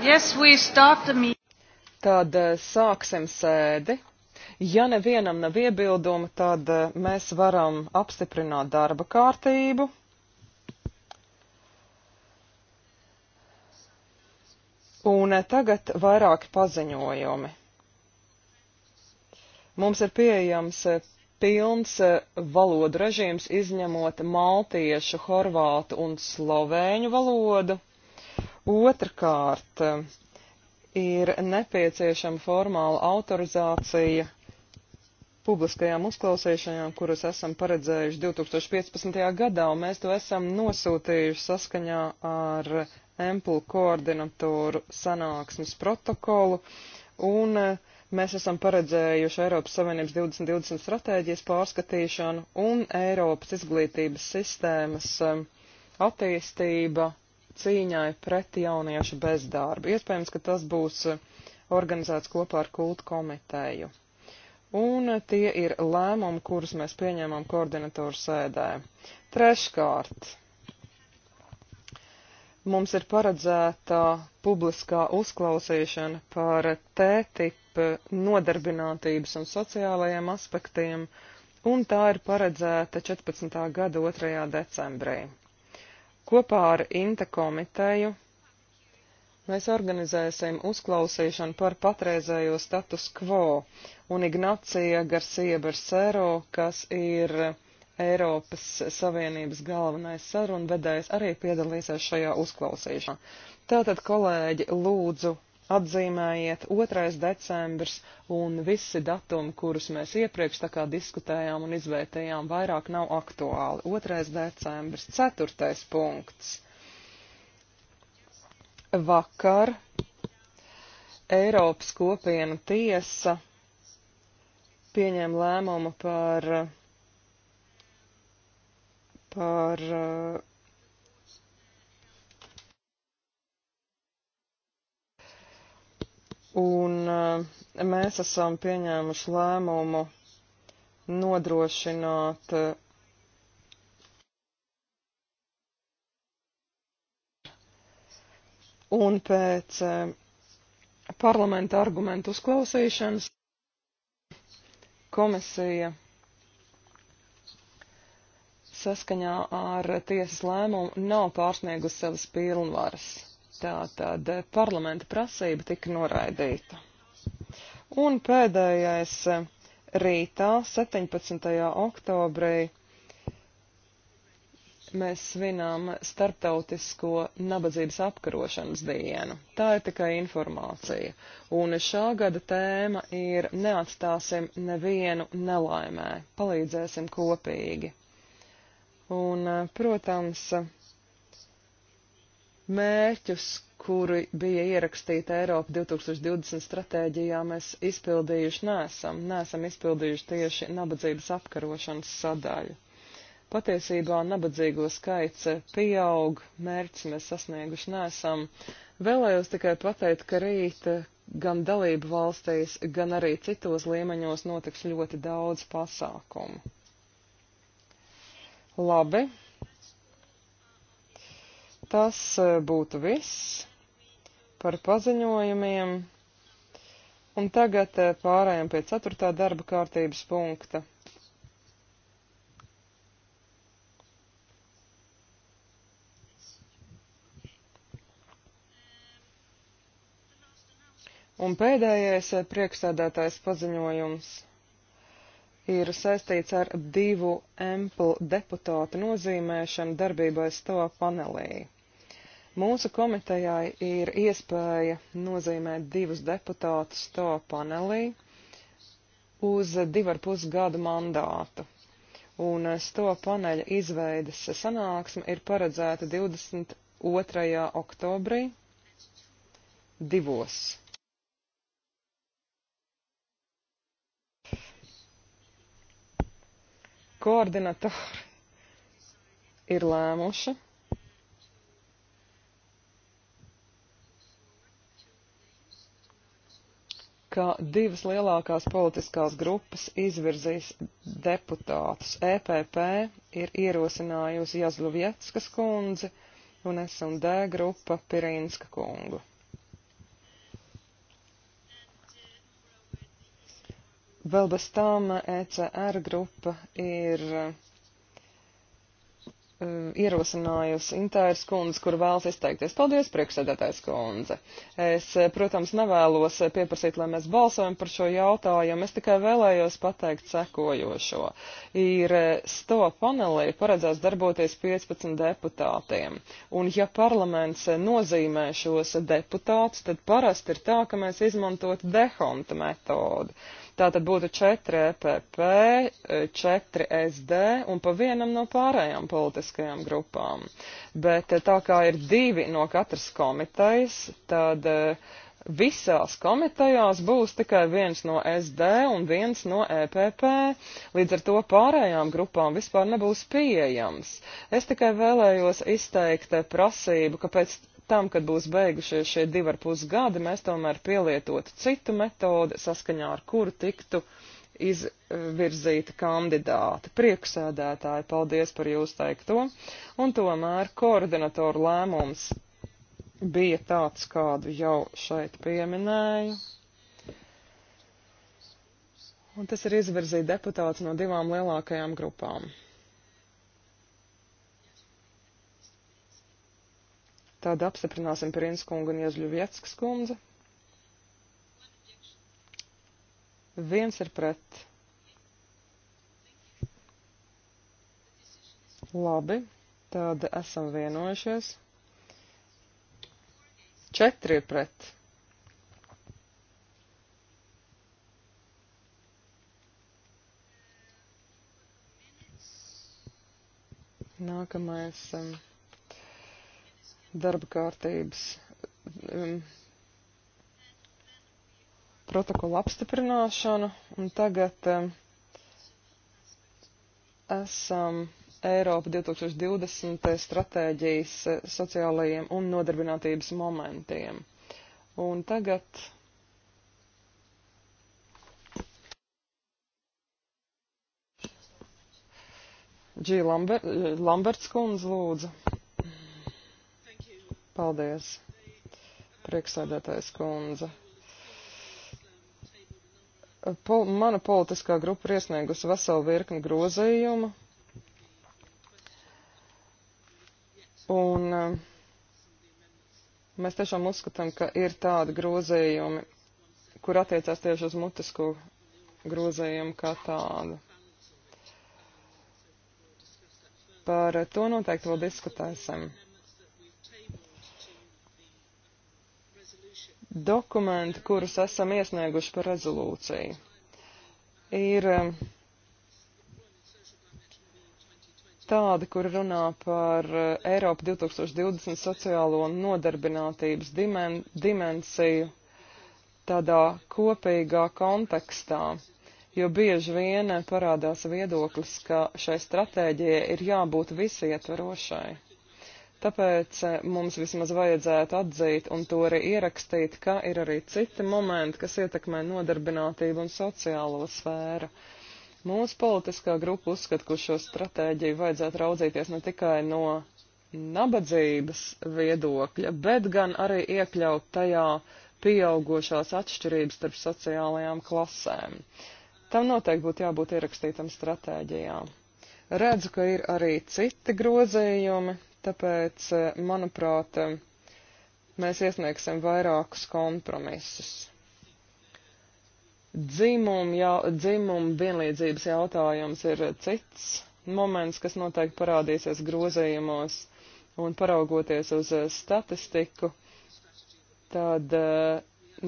Yes, tad eh, sāksim sēdi. Ja nevienam nav iebildumu, tad eh, mēs varam apstiprināt darba kārtību. Un eh, tagad vairāki paziņojumi. Mums ir pieejams pilns valodu režīms, izņemot maltiešu, horvātu un slovēņu valodu Otrkārt, ir nepieciešama formāla autorizācija publiskajām uzklausīšanām, kuras esam paredzējuši 2015. gadā, un mēs to esam nosūtījuši saskaņā ar Emplu koordinatoru sanāksmes protokolu, un mēs esam paredzējuši Eiropas Savienības 2020 stratēģijas pārskatīšanu un Eiropas izglītības sistēmas attīstība cīņai pret jauniešu bezdarbu. Iespējams, ka tas būs eh, organizēts kopā ar kultu komiteju. Un eh, tie ir lēmumi, kurus mēs pieņēmām koordinatoru sēdē. Treškārt, mums ir paredzēta publiskā uzklausīšana par tētip nodarbinātības un sociālajiem aspektiem, un tā ir paredzēta 14. gada 2. decembrī. Kopā ar Inta komiteju mēs organizēsim uzklausīšanu par patreizējo status quo un Ignacija Garcia Bersero, kas ir Eiropas Savienības galvenais sarunvedējs, arī piedalīsies šajā uzklausīšanā. Tātad, kolēģi, lūdzu atzīmējiet 2. decembris un visi datumi, kurus mēs iepriekš tā kā diskutējām un izvērtējām, vairāk nav aktuāli. 2. decembris, 4. punkts. Vakar Eiropas kopiena tiesa pieņēma lēmumu par, par Un eh, mēs esam pieņēmuši lēmumu nodrošināt eh, un pēc eh, parlamenta argumentu uzklausīšanas komisija saskaņā ar tiesas lēmumu nav pārsniegusi savas pilnvaras. Tā tad parlamenta prasība tika noraidīta. Un pēdējais rītā, 17. oktobrī, mēs svinām Startautisko nabadzības apkarošanas dienu. Tā ir tikai informācija. Un šā gada tēma ir neatstāsim nevienu nelaimē, palīdzēsim kopīgi. Un, protams, mērķus, kuri bija ierakstīti Eiropa 2020 stratēģijā, mēs izpildījuši nesam, nesam izpildījuši tieši nabadzības apkarošanas sadaļu. Patiesībā nabadzīgo skaits pieaug, mērķis mēs sasnieguši nesam. Vēlējos tikai pateikt, ka rīt gan dalību valstīs, gan arī citos līmeņos notiks ļoti daudz pasākumu. Labi, tas e, būtu viss par paziņojumiem. Un tagad e, pārējām pie ceturtā darba kārtības punkta. Un pēdējais e, priekšsēdētājs paziņojums ir saistīts ar divu emplu deputātu nozīmēšanu darbībai stāv panelī. Mūsu komitejai ir iespēja nozīmēt divus deputātus to panelī uz divu ar pus gadu mandātu. Un to paneļa izveidas sanāksme ir paredzēta 22. oktobrī divos. koordinatori ir lēmuši, ka divas lielākās politiskās grupas izvirzīs deputātus. EPP ir ierosinājusi Jazluvieckas kundzi un S&D grupa Pirinska kungu. Vēl bez tam ECR grupa ir uh, Eh, ierosinājusi Intērs kundze, kur vēlas izteikties. Paldies, priekšsēdētājs kundze. Es, eh, protams, nevēlos pieprasīt, lai mēs balsojam par šo jautājumu. Es tikai vēlējos pateikt sekojošo. Ir eh, sto panelī paredzēts darboties 15 deputātiem. Un ja parlaments nozīmē šos deputātus, tad parasti ir tā, ka mēs izmantot dehonta metodu. Tātad būtu 4 EPP, 4 SD un pa vienam no pārējām politiskajām grupām. Bet eh, tā kā ir divi no katras komitejas, tad eh, visās komitejās būs tikai viens no SD un viens no EPP, līdz ar to pārējām grupām vispār nebūs pieejams. Es tikai vēlējos izteikt eh, prasību, ka pēc tam, kad būs beigušies šie divi ar pus gadi, mēs tomēr pielietotu citu metodi, saskaņā ar kuru tiktu izvirzīta kandidāta. Prieksēdētāji, paldies par jūs teikto. Un tomēr koordinatoru lēmums bija tāds, kādu jau šeit pieminēju. Un tas ir izvirzīt deputāts no divām lielākajām grupām. Tad apstiprināsim Prinskungu un Iežļuvieckas kundze. Viens ir pret. Labi, tad esam vienojušies. Četri ir pret. Nākamais. Um, darba kārtības um, protokola apstiprināšanu, un tagad um, esam Eiropa 2020 stratēģijas eh, sociālajiem un nodarbinātības momentiem. Un tagad G. Lambert, Lamberts kundze lūdzu. Paldies, prieksēdētājs kundze. Pol mana politiskā grupa ir iesniegusi veselu virkni grozījumu. Un eh, mēs tiešām uzskatām, ka ir tādi grozījumi, kur attiecās tieši uz mutisko grozījumu kā tādu. Par to noteikti vēl diskutēsim. dokumenti, kurus esam iesnieguši par rezolūciju. Ir um, tādi, kur runā par uh, Eiropu 2020 sociālo nodarbinātības dimen dimensiju tādā kopīgā kontekstā, jo bieži vien parādās viedoklis, ka šai stratēģijai ir jābūt visietvarošai. Tāpēc eh, mums vismaz vajadzētu atzīt un to arī ierakstīt, ka ir arī citi momenti, kas ietekmē nodarbinātību un sociālo sfēru. Mūsu politiskā grupa uzskata, ka uz šo stratēģiju vajadzētu raudzīties ne tikai no nabadzības viedokļa, bet gan arī iekļaut tajā pieaugošās atšķirības starp sociālajām klasēm. Tam noteikti būtu jābūt ierakstītam stratēģijām. Redzu, ka ir arī citi grozījumi, Tāpēc, eh, manuprāt, eh, mēs iesniegsim vairākus kompromisus. Dzimuma, jā, dzimuma vienlīdzības jautājums ir cits moments, kas noteikti parādīsies grozījumos un paraugoties uz eh, statistiku, tad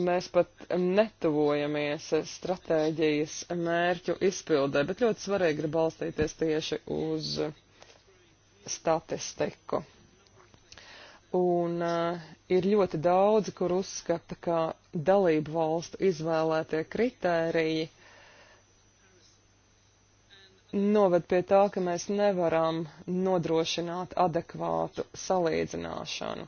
mēs pat netuvojamies stratēģijas mērķu izpildē, bet ļoti svarīgi ir balstīties tieši uz uh, statistiku. Un uh, ir ļoti daudzi, kur uzskata, ka dalību valstu izvēlētie kritēriji noved pie tā, ka mēs nevaram nodrošināt adekvātu salīdzināšanu.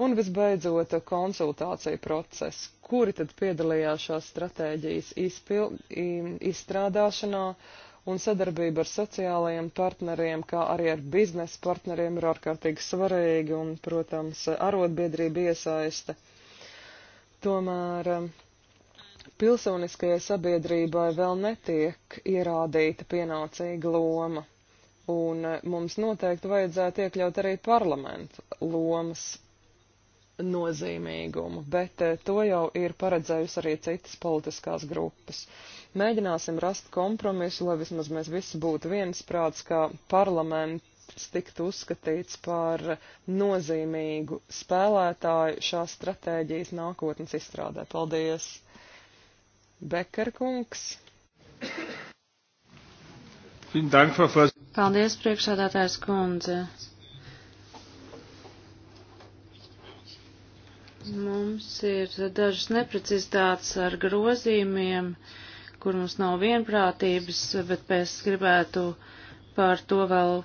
Un visbeidzot, konsultācija process, kuri tad piedalījās šās stratēģijas izpil, izstrādāšanā, uh, un sadarbība ar sociālajiem partneriem, kā arī ar biznesa partneriem ir ārkārtīgi svarīga un, protams, arotbiedrība iesaiste. Tomēr um, pilsoniskajai sabiedrībai vēl netiek ierādīta pienācīga loma un uh, mums noteikti vajadzētu iekļaut arī parlamentu lomas nozīmīgumu, bet uh, to jau ir paredzējusi arī citas politiskās grupas. Uh, Mēģināsim rast kompromisu, lai vismaz mēs visi būtu viensprāts, kā parlaments tiktu uzskatīts par nozīmīgu spēlētāju šās stratēģijas nākotnes izstrādē. Paldies! Bekarkungs. Paldies, priekšsādātājs kundze. Mums ir dažas neprecizitātes ar grozījumiem. Uh, kur mums nav vienprātības, bet mēs gribētu par to vēl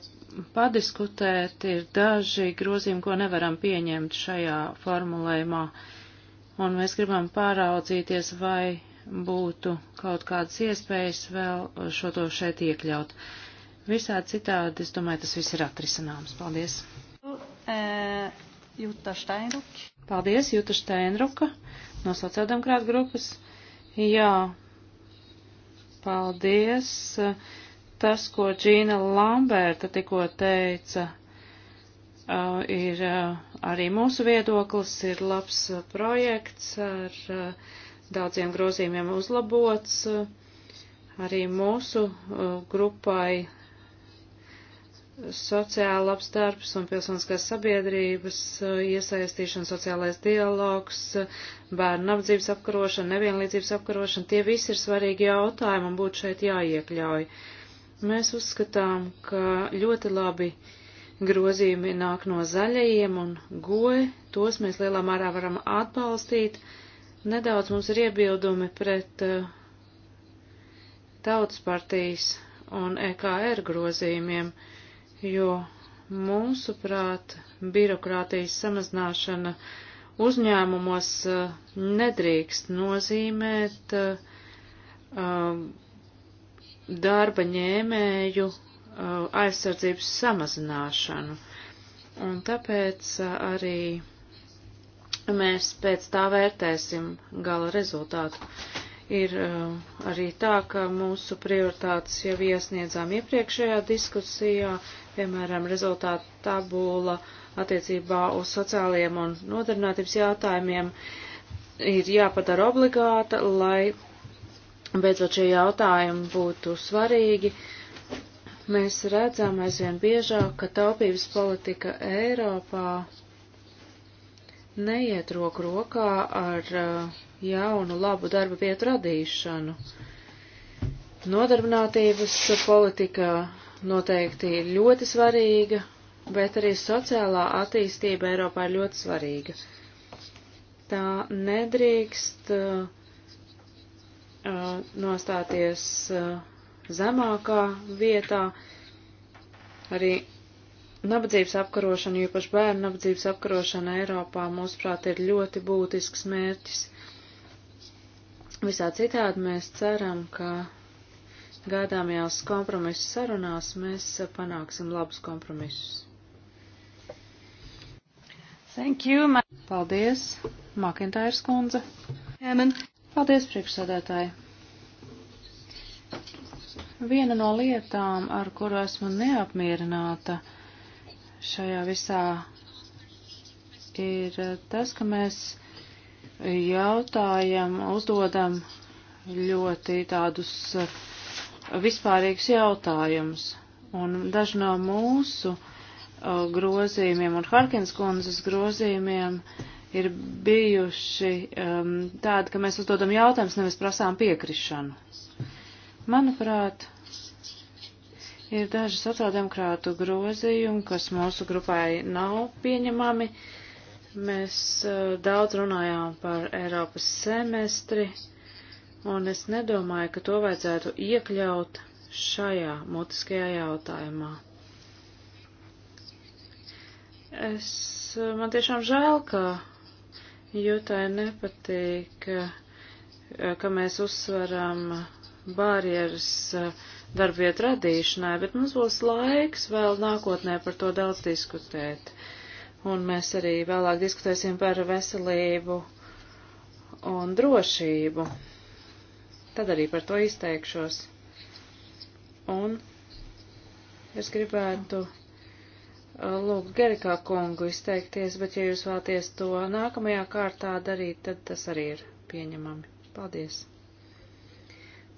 padiskutēt. Ir daži grozījumi, ko nevaram pieņemt šajā formulējumā, un mēs gribam pāraudzīties, vai būtu kaut kādas iespējas vēl šo to šeit iekļaut. Visā citādi, es domāju, tas viss ir atrisināms. Paldies. Jūta Steinruka. Paldies, Jūta Steinruka no sociāldemokrāta grupas. Jā, Paldies. Tas, ko Džīna Lamberta tikko teica, uh, ir uh, arī mūsu viedoklis, ir labs uh, projekts ar daudziem grozījumiem uzlabots. Arī mūsu grupai sociāla apstārbs un pilsoniskās sabiedrības uh, iesaistīšana, sociālais dialogs, bērnu apdzības apkarošana, nevienlīdzības apkarošana, tie visi ir svarīgi jautājumi un būtu šeit jāiekļauj. Mēs uzskatām, ka ļoti labi grozījumi nāk no zaļajiem un goe, tos mēs lielā mērā varam atbalstīt. Nedaudz mums ir iebildumi pret uh, tautas partijas un EKR grozījumiem. Uh, jo mūsuprāt birokrātijas samazināšana uzņēmumos uh, nedrīkst nozīmēt uh, um, darba ņēmēju uh, aizsardzības samazināšanu. Un tāpēc arī mēs pēc tā vērtēsim gala rezultātu. Ir arī tā, ka mūsu prioritātes jau iesniedzām iepriekšējā diskusijā, piemēram, rezultātu tabula attiecībā uz sociālajiem un nodarbinātības jautājumiem ir jāpadara obligāta, lai beidzot šie jautājumi būtu svarīgi. Mēs redzam aizvien biežāk, ka taupības politika Eiropā neiet roku rokā ar uh, jaunu labu darba vietu radīšanu. Nodarbinātības politika noteikti ir ļoti svarīga, bet arī sociālā attīstība Eiropā ir ļoti svarīga. Tā nedrīkst uh, uh nostāties uh, zemākā vietā. Arī Nabadzības apkarošana, īpaši bērnu nabadzības apkarošana Eiropā, mūsuprāt, ir ļoti būtisks mērķis. Visā citādi mēs ceram, ka gaidāmajās kompromisu sarunās mēs panāksim labus kompromisus. Thank you, ma Paldies, Makintājas kundze. Amen. Paldies, priekšsādātāji. Viena no lietām, ar kuru esmu neapmierināta šajā visā, ir tas, ka mēs jautājam, uzdodam ļoti tādus uh, vispārīgs jautājums. Un daži no mūsu uh, grozījumiem un Harkins kundzes grozījumiem ir bijuši um, tādi, ka mēs uzdodam jautājumus, nevis prasām piekrišanu. Manuprāt, ir daži sociāldemokrātu grozījumi, kas mūsu grupai nav pieņemami. Mēs uh, daudz runājām par Eiropas semestri. Uh, un es nedomāju, ka to vajadzētu iekļaut šajā mutiskajā jautājumā. Es, man tiešām žēl, ka jūtai nepatīk, ka mēs uzsveram barjeras darbvietu radīšanai, bet mums būs laiks vēl nākotnē par to daudz diskutēt. Un mēs arī vēlāk diskutēsim par veselību un drošību tad arī par to izteikšos. Un es gribētu uh, lūgt Gerikā kungu izteikties, bet ja jūs vēlaties to nākamajā kārtā darīt, tad tas arī ir pieņemami. Paldies!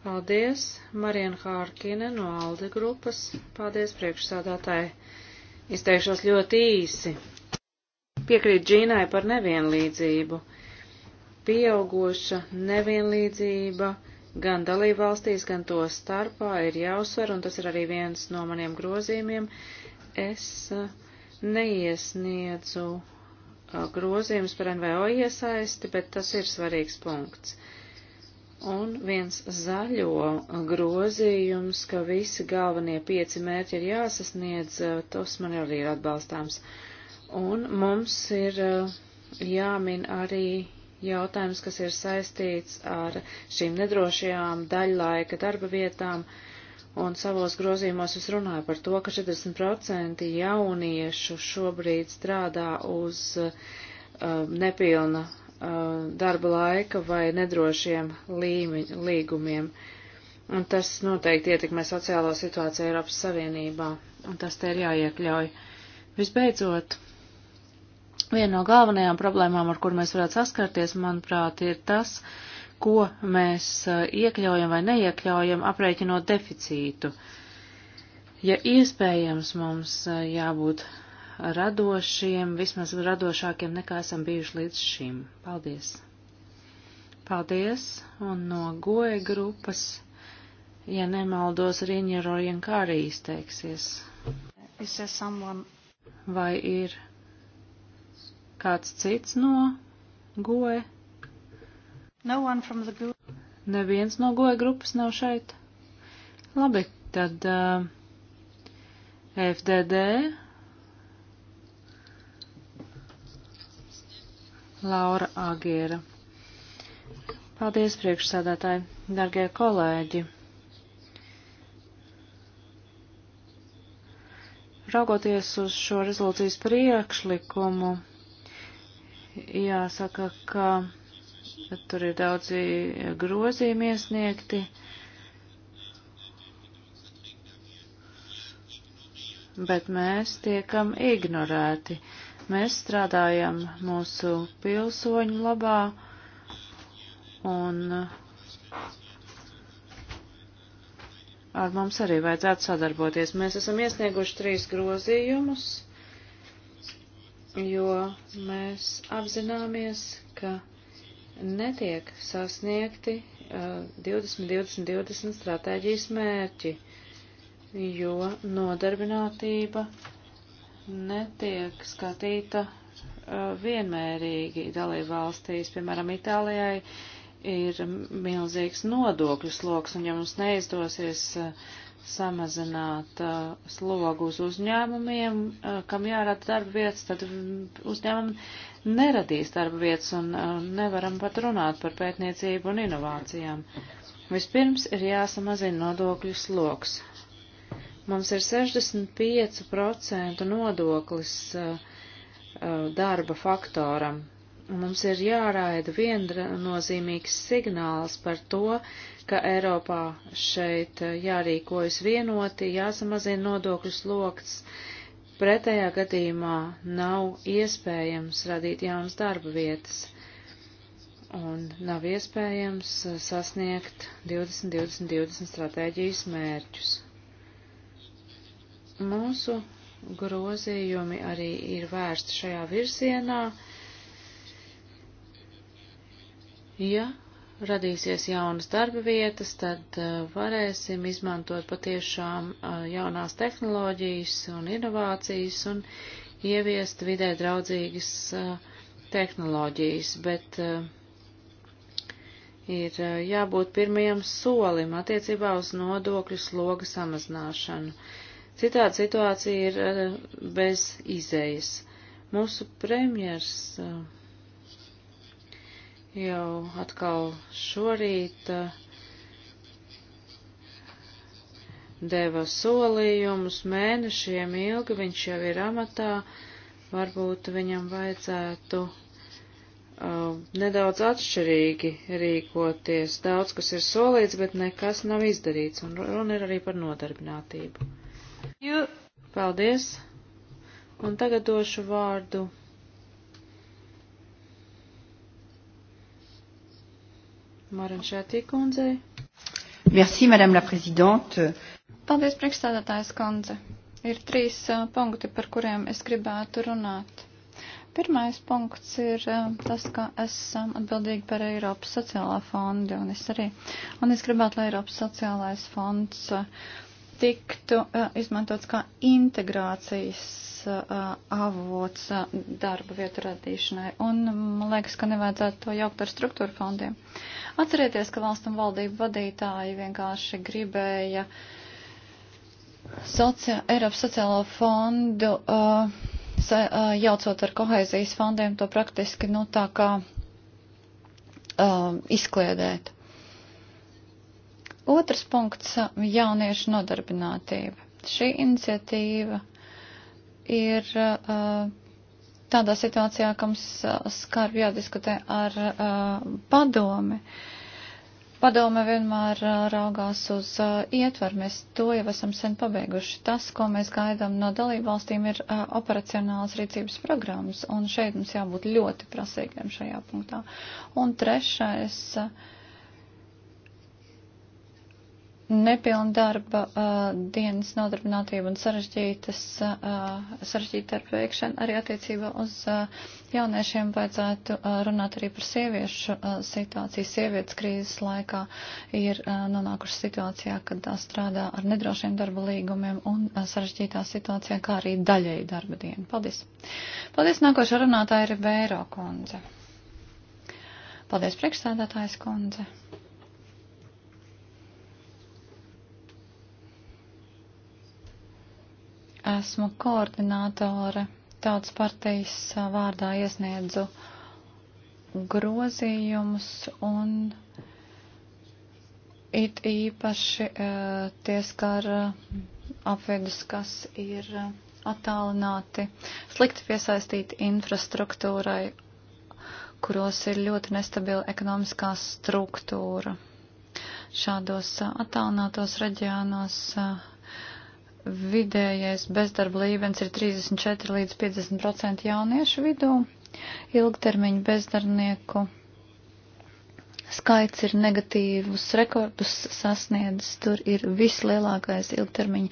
Paldies, Marina Hārkina no Alde grupas. Paldies, priekšsādātāji. Izteikšos ļoti īsi. Piekrīt Džīnai par nevienlīdzību. Pieaugoša nevienlīdzība gan dalībvalstīs, gan to starpā ir jāuzsver, un tas ir arī viens no maniem grozījumiem. Es uh, neiesniedzu uh, grozījums par NVO iesaisti, bet tas ir svarīgs punkts. Un viens zaļo grozījums, ka visi galvenie pieci mērķi ir jāsasniedz, uh, tas man arī ir atbalstāms. Un mums ir jāmin arī jautājums, kas ir saistīts ar šīm nedrošajām daļlaika darba vietām, un savos grozījumos es runāju par to, ka 40% jauniešu šobrīd strādā uz uh, nepilna uh, darba laika vai nedrošiem līmi, līgumiem. Un tas noteikti ietekmē sociālo situāciju Eiropas Savienībā, un tas te ir jāiekļauj. Visbeidzot, Viena no galvenajām problēmām, ar kur mēs varētu saskarties, manuprāt, ir tas, ko mēs eh, iekļaujam vai neiekļaujam aprēķinot deficītu. Ja iespējams, mums eh, jābūt radošiem, vismaz radošākiem nekā esam bijuši līdz šim. Paldies! Paldies! Un no goja grupas, ja nemaldos, Riņero Jankārī izteiksies. Vai ir Kāds cits no goe? No one from the group. Neviens no goja grupas nav šeit. Labi, tad uh, eh, FDD. Laura Agēra. Paldies, priekšsādātāji, dargie kolēģi. Raugoties uz šo rezolūcijas priekšlikumu, jāsaka, ka tur ir daudzi grozījumi iesniegti. Bet mēs tiekam ignorēti. Mēs strādājam mūsu pilsoņu labā un ar mums arī vajadzētu sadarboties. Mēs esam iesnieguši trīs grozījumus jo mēs apzināmies, ka netiek sasniegti 20-20-20 uh, stratēģijas mērķi, jo nodarbinātība netiek skatīta uh, vienmērīgi dalību valstīs. Piemēram, Itālijai ir milzīgs nodokļu sloks, un ja mums neizdosies uh, samazināt uh, slogu uz uzņēmumiem, uh, kam jārada darba vietas, tad mm, uzņēmumi neradīs darba vietas un uh, nevaram pat runāt par pētniecību un inovācijām. Vispirms ir jāsamazina nodokļu sloks. Mums ir 65% nodoklis uh, uh, darba faktoram, Mums ir jāraida viennozīmīgs signāls par to, ka Eiropā šeit jārīkojas vienoti, jāsamazina nodokļu slokts. Pretējā gadījumā nav iespējams radīt jaunas darba vietas un nav iespējams sasniegt 20-20-20 stratēģijas mērķus. Mūsu grozījumi arī ir vērsti šajā virzienā Ja radīsies jaunas darba vietas, tad uh, varēsim izmantot patiešām uh, jaunās tehnoloģijas un inovācijas un ieviest vidē draudzīgas uh, tehnoloģijas, bet ir jābūt pirmajam solim attiecībā uz nodokļu sloga samazināšanu. Citādi situācija ir bez izējas. Mūsu premjers uh, jau atkal šorīt eh, deva solījumus mēnešiem ilgi, viņš jau ir amatā, varbūt viņam vajadzētu uh, nedaudz atšķirīgi rīkoties. Daudz, kas ir solīts, bet nekas nav izdarīts, un runa ir arī par nodarbinātību. Jū. Paldies! Un tagad došu vārdu Maran Šētī kundzei. Merci, madame la prezidente. Paldies, priekšstādātājs kundze. Ir trīs uh, punkti, par kuriem es gribētu runāt. Pirmais punkts ir uh, tas, ka esam atbildīgi par Eiropas sociālā fondu, un es arī, un es gribētu, lai Eiropas sociālais fonds uh, tiktu izmantots kā integrācijas Uh, avots uh, darba vietu radīšanai. Un mm, man liekas, ka nevajadzētu to jaukt ar struktūra fondiem. Atcerieties, ka valsts un valdību vadītāji vienkārši gribēja socia Eiropas sociālo fondu, uh, sa, uh, jaucot ar kohēzijas fondiem, to praktiski, nu, tā kā uh, izkliedēt. Otrs punkts - jauniešu nodarbinātība. Šī iniciatīva ir uh, tādā situācijā, ka mums uh, skarbi jādiskutē ar uh, padomi. Padome vienmēr raugās uz ietvaru, mēs to jau esam sen pabeiguši. Tas, ko mēs gaidām no dalībvalstīm, ir operacionāls rīcības programmas, un šeit mums jābūt ļoti prasīgiem šajā punktā. Un trešais. Uh, nepilndarba uh, dienas nodarbinātība un sarežģītas, uh, sarežģīta darba veikšana arī attiecībā uz uh, jauniešiem vajadzētu uh, runāt arī par sieviešu uh, situāciju. Sievietes krīzes laikā ir uh, nonākušas situācijā, kad tā strādā ar nedrošiem darba līgumiem un uh, sarežģītā situācijā, kā arī daļēji darba diena. Paldies! Paldies! Nākošā runātāja ir Vēro kundze. Paldies, priekšsēdētājs kundze! esmu koordinātore tautas partijas vārdā iesniedzu grozījumus un it īpaši tie skar apvidus, kas ir attālināti, slikti piesaistīti infrastruktūrai, kuros ir ļoti nestabila ekonomiskā struktūra. Šādos attālinātos reģionos uh, vidējais bezdarba līmenis ir 34 līdz 50% jauniešu vidū. Ilgtermiņu bezdarnieku skaits ir negatīvus rekordus sasniedzis. Tur ir vislielākais ilgtermiņu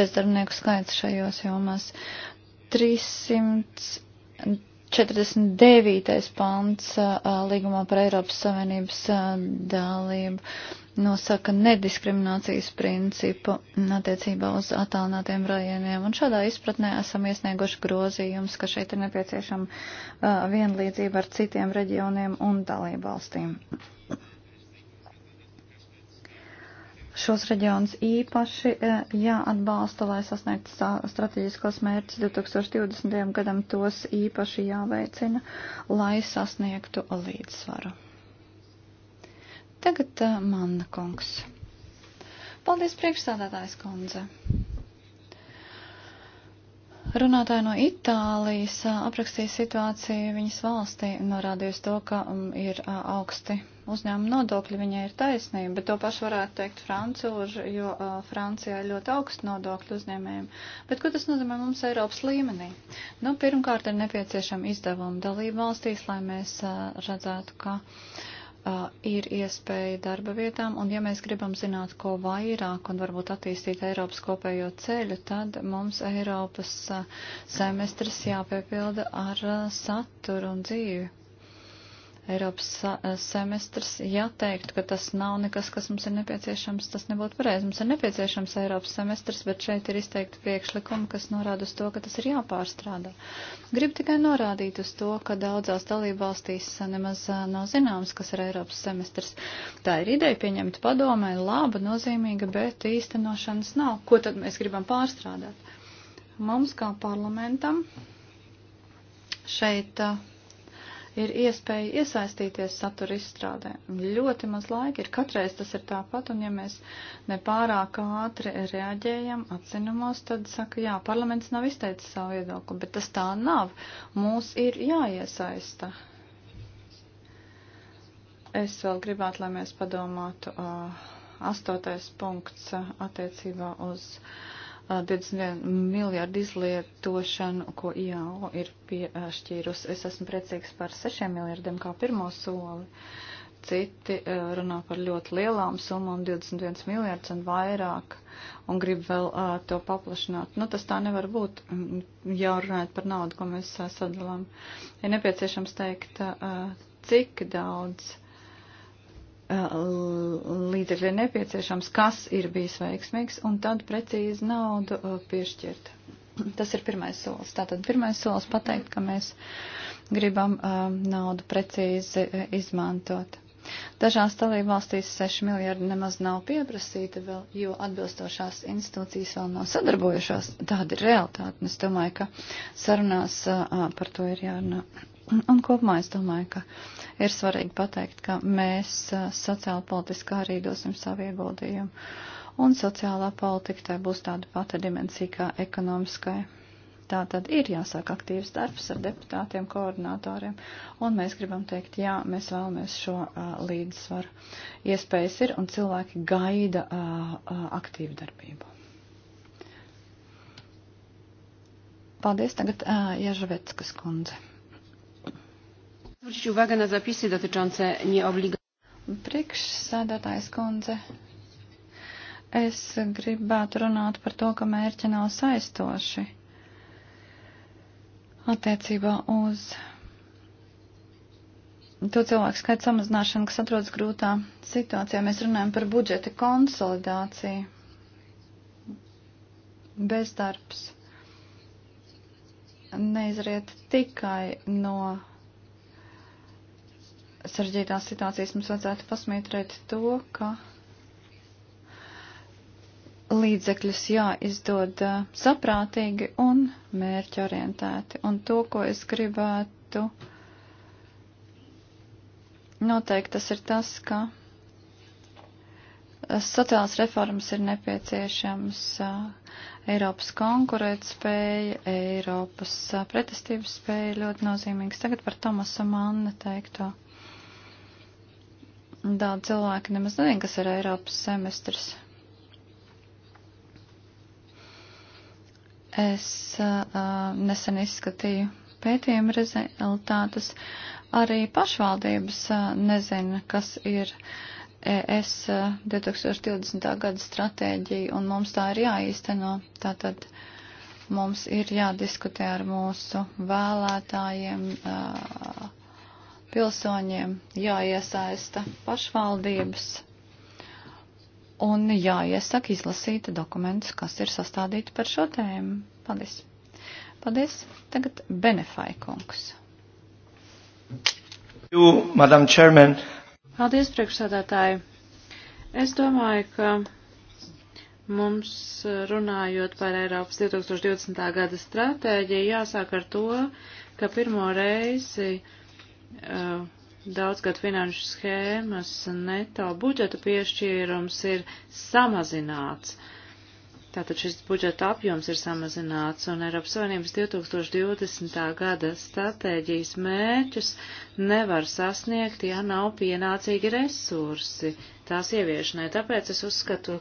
bezdarnieku skaits šajos jomās. 300. 49. pants līgumā par Eiropas Savienības dalību nosaka nediskriminācijas principu attiecībā uz attālinātiem rajoniem. Un šādā izpratnē esam iesnieguši grozījums, ka šeit ir nepieciešama uh, vienlīdzība ar citiem reģioniem un dalību valstīm. Šos reģionus īpaši uh, jāatbalsta, lai sasniegtu strateģiskos mērķus 2020. gadam, tos īpaši jāveicina, lai sasniegtu līdzsvaru. Tagad uh, Manna kungs. Paldies, priekšsādātājs kundze. Runātāja no Itālijas uh, aprakstīja situāciju viņas valstī, norādījusi to, ka um, ir uh, augsti uzņēmuma nodokļi, viņai ir taisnība, bet to pašu varētu teikt francūži, jo uh, Francijā ir ļoti augsti nodokļi uzņēmējiem. Bet ko tas nozīmē mums Eiropas līmenī? Nu, pirmkārt ir nepieciešama izdevuma dalība valstīs, lai mēs redzētu, ka. Uh, Uh, ir iespēja darba vietām, un ja mēs gribam zināt, ko vairāk un varbūt attīstīt Eiropas kopējo ceļu, tad mums Eiropas uh, semestris jāpiepilda ar uh, saturu un dzīvi. Eiropas eh, semestrs, ja teiktu, ka tas nav nekas, kas mums ir nepieciešams, tas nebūtu pareizi. Mums ir nepieciešams Eiropas semestrs, bet šeit ir izteikti priekšlikumi, kas norāda uz to, ka tas ir jāpārstrādā. Gribu tikai norādīt uz to, ka daudzās dalībvalstīs eh, nemaz eh, nav zināms, kas ir Eiropas semestrs. Tā ir ideja pieņemta padomē, laba, nozīmīga, bet īstenošanas nav. Ko tad mēs gribam pārstrādāt? Mums kā parlamentam šeit. Uh, ir iespēja iesaistīties satura izstrādē. Ļoti maz laika ir, katreiz tas ir tāpat, un ja mēs nepārāk ātri reaģējam atzinumos, tad saka, jā, parlaments nav izteicis savu viedokli, bet tas tā nav. Mūs ir jāiesaista. Es vēl gribētu, lai mēs padomātu. Uh, astotais punkts attiecībā uz uh, 21 miljardu izlietošanu, ko IAO ir piešķīrusi. Es esmu priecīgs par 6 miljardiem kā pirmo soli. Citi runā par ļoti lielām summām, 21 miljardus un vairāk, un grib vēl uh, to paplašināt. Nu, tas tā nevar būt, jau runājot par naudu, ko mēs uh, sadalām. Ir nepieciešams teikt, uh, cik daudz uh, Uh, līdzekļi ir nepieciešams, kas ir bijis veiksmīgs, un tad precīzi naudu uh, piešķirt. Tas ir pirmais solis. Tātad pirmais solis pateikt, ka mēs gribam uh, naudu precīzi izmantot. Dažās dalībvalstīs 6 miljardi nemaz nav pieprasīta vēl, jo atbilstošās institūcijas vēl nav sadarbojušās. Tāda ir realitāte, un es domāju, ka sarunās par to ir jārunā. Un kopumā es domāju, ka ir svarīgi pateikt, ka mēs sociāli politiskā arī dosim savu ieguldījumu. Un sociālā politika tai būs tāda pati dimensija kā ekonomiskai. Tā tad ir jāsāk aktīvs darbs ar deputātiem, koordinātoriem, un mēs gribam teikt, jā, mēs vēlamies šo uh, līdzsvaru. Iespējas ir, un cilvēki gaida uh, uh, aktīvu darbību. Paldies tagad uh, Ježavetskas kundze. Zwrócić uwagę na zapisy dotyczące nieobligacyjnych. Priekšsēdētājs kundze, es gribētu runāt par to, ka mērķi nav saistoši attiecībā uz to cilvēku skaitu samazināšanu, kas atrodas grūtā situācijā. Mēs runājam par budžeta konsolidāciju, bezdarbs neizriet tikai no sarežģītās situācijas mums vajadzētu pasmietrēt to, ka līdzekļus jāizdod uh, saprātīgi un mērķorientēti. Un to, ko es gribētu noteikt, tas ir tas, ka uh, sociālas reformas ir nepieciešams uh, Eiropas konkurētspēja, Eiropas pretestības spēja ļoti nozīmīgs. Tagad par Tomasa Manna teikto. Daudz cilvēki nemaz nezin, kas ir Eiropas semestrs. Es uh, nesen izskatīju pētījuma rezultātus. Arī pašvaldības uh, nezina, kas ir e ES 2020. gada stratēģija, un mums tā ir jāīsteno. Tātad mums ir jādiskutē ar mūsu vēlētājiem. Uh, pilsoņiem jāiesaista pašvaldības un jāiesaka izlasīt dokumentus, kas ir sastādīti par šo tēmu. Paldies! Paldies! Tagad Benefai kungs. You, Madam Chairman. Paldies, priekšsādātāji! Es domāju, ka mums runājot par Eiropas 2020. gada stratēģiju jāsāk ar to, ka pirmo reizi uh, uh, daudzgad finanšu schēmas neto budžeta piešķīrums ir samazināts. Tātad šis budžeta apjoms ir samazināts, un Eiropas Savienības 2020. gada stratēģijas mērķus nevar sasniegt, ja nav pienācīgi resursi tās ieviešanai. Tāpēc es uzskatu,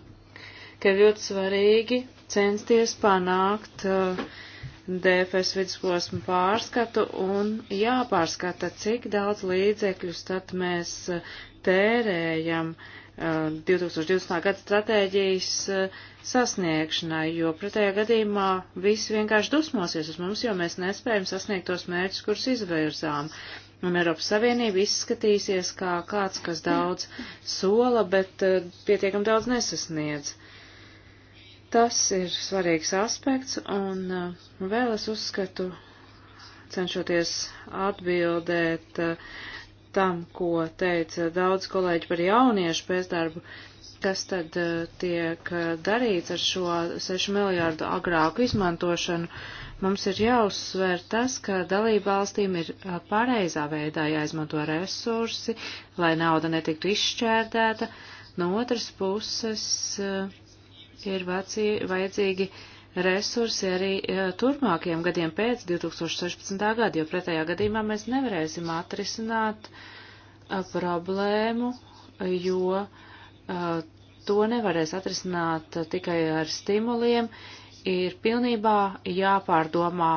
ka ir ļoti svarīgi censties panākt uh, DFS vidusposmu pārskatu un jāpārskata, cik daudz līdzekļus tad mēs uh, tērējam 2020. Uh, gada stratēģijas uh, sasniegšanai, jo pretējā gadījumā viss vienkārši dusmosies uz mums, jo mēs nespējam sasniegt tos mērķus, kurus izvērzām. Un Eiropas Savienība izskatīsies kā kāds, kas daudz sola, bet pietiekam daudz nesasniedz. Uh, Tas ir svarīgs aspekts, un uh, vēl es uzskatu, cenšoties atbildēt uh, tam, ko teica daudz kolēģi par jauniešu bezdarbu, kas tad uh, tiek darīts ar šo 6 miljārdu agrāku izmantošanu. Mums ir jāuzsver tas, ka dalībvalstīm ir pareizā veidā jāizmanto resursi, lai nauda netiktu izšķērdēta. No otras puses, uh, ir vajadzīgi, vajadzīgi resursi arī e, turpmākajiem gadiem pēc 2016. gada, jo pretējā gadījumā mēs nevarēsim atrisināt e, problēmu, jo e, to nevarēs atrisināt tikai ar stimuliem. Ir pilnībā jāpārdomā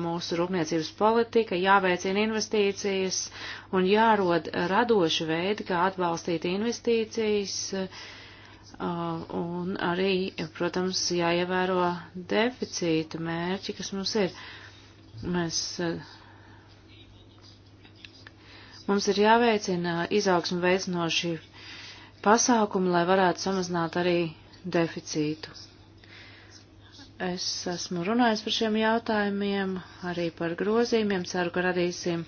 mūsu rūpniecības politika, jāveicina investīcijas un jārod radoši veidi, kā atbalstīt investīcijas Uh, un arī, protams, jāievēro deficīta mērķi, kas mums ir. Mēs, uh, mums ir jāveicina izaugsmu veicinoši pasākumi, lai varētu samazināt arī deficītu. Es esmu runājis par šiem jautājumiem, arī par grozījumiem, ceru, ka radīsim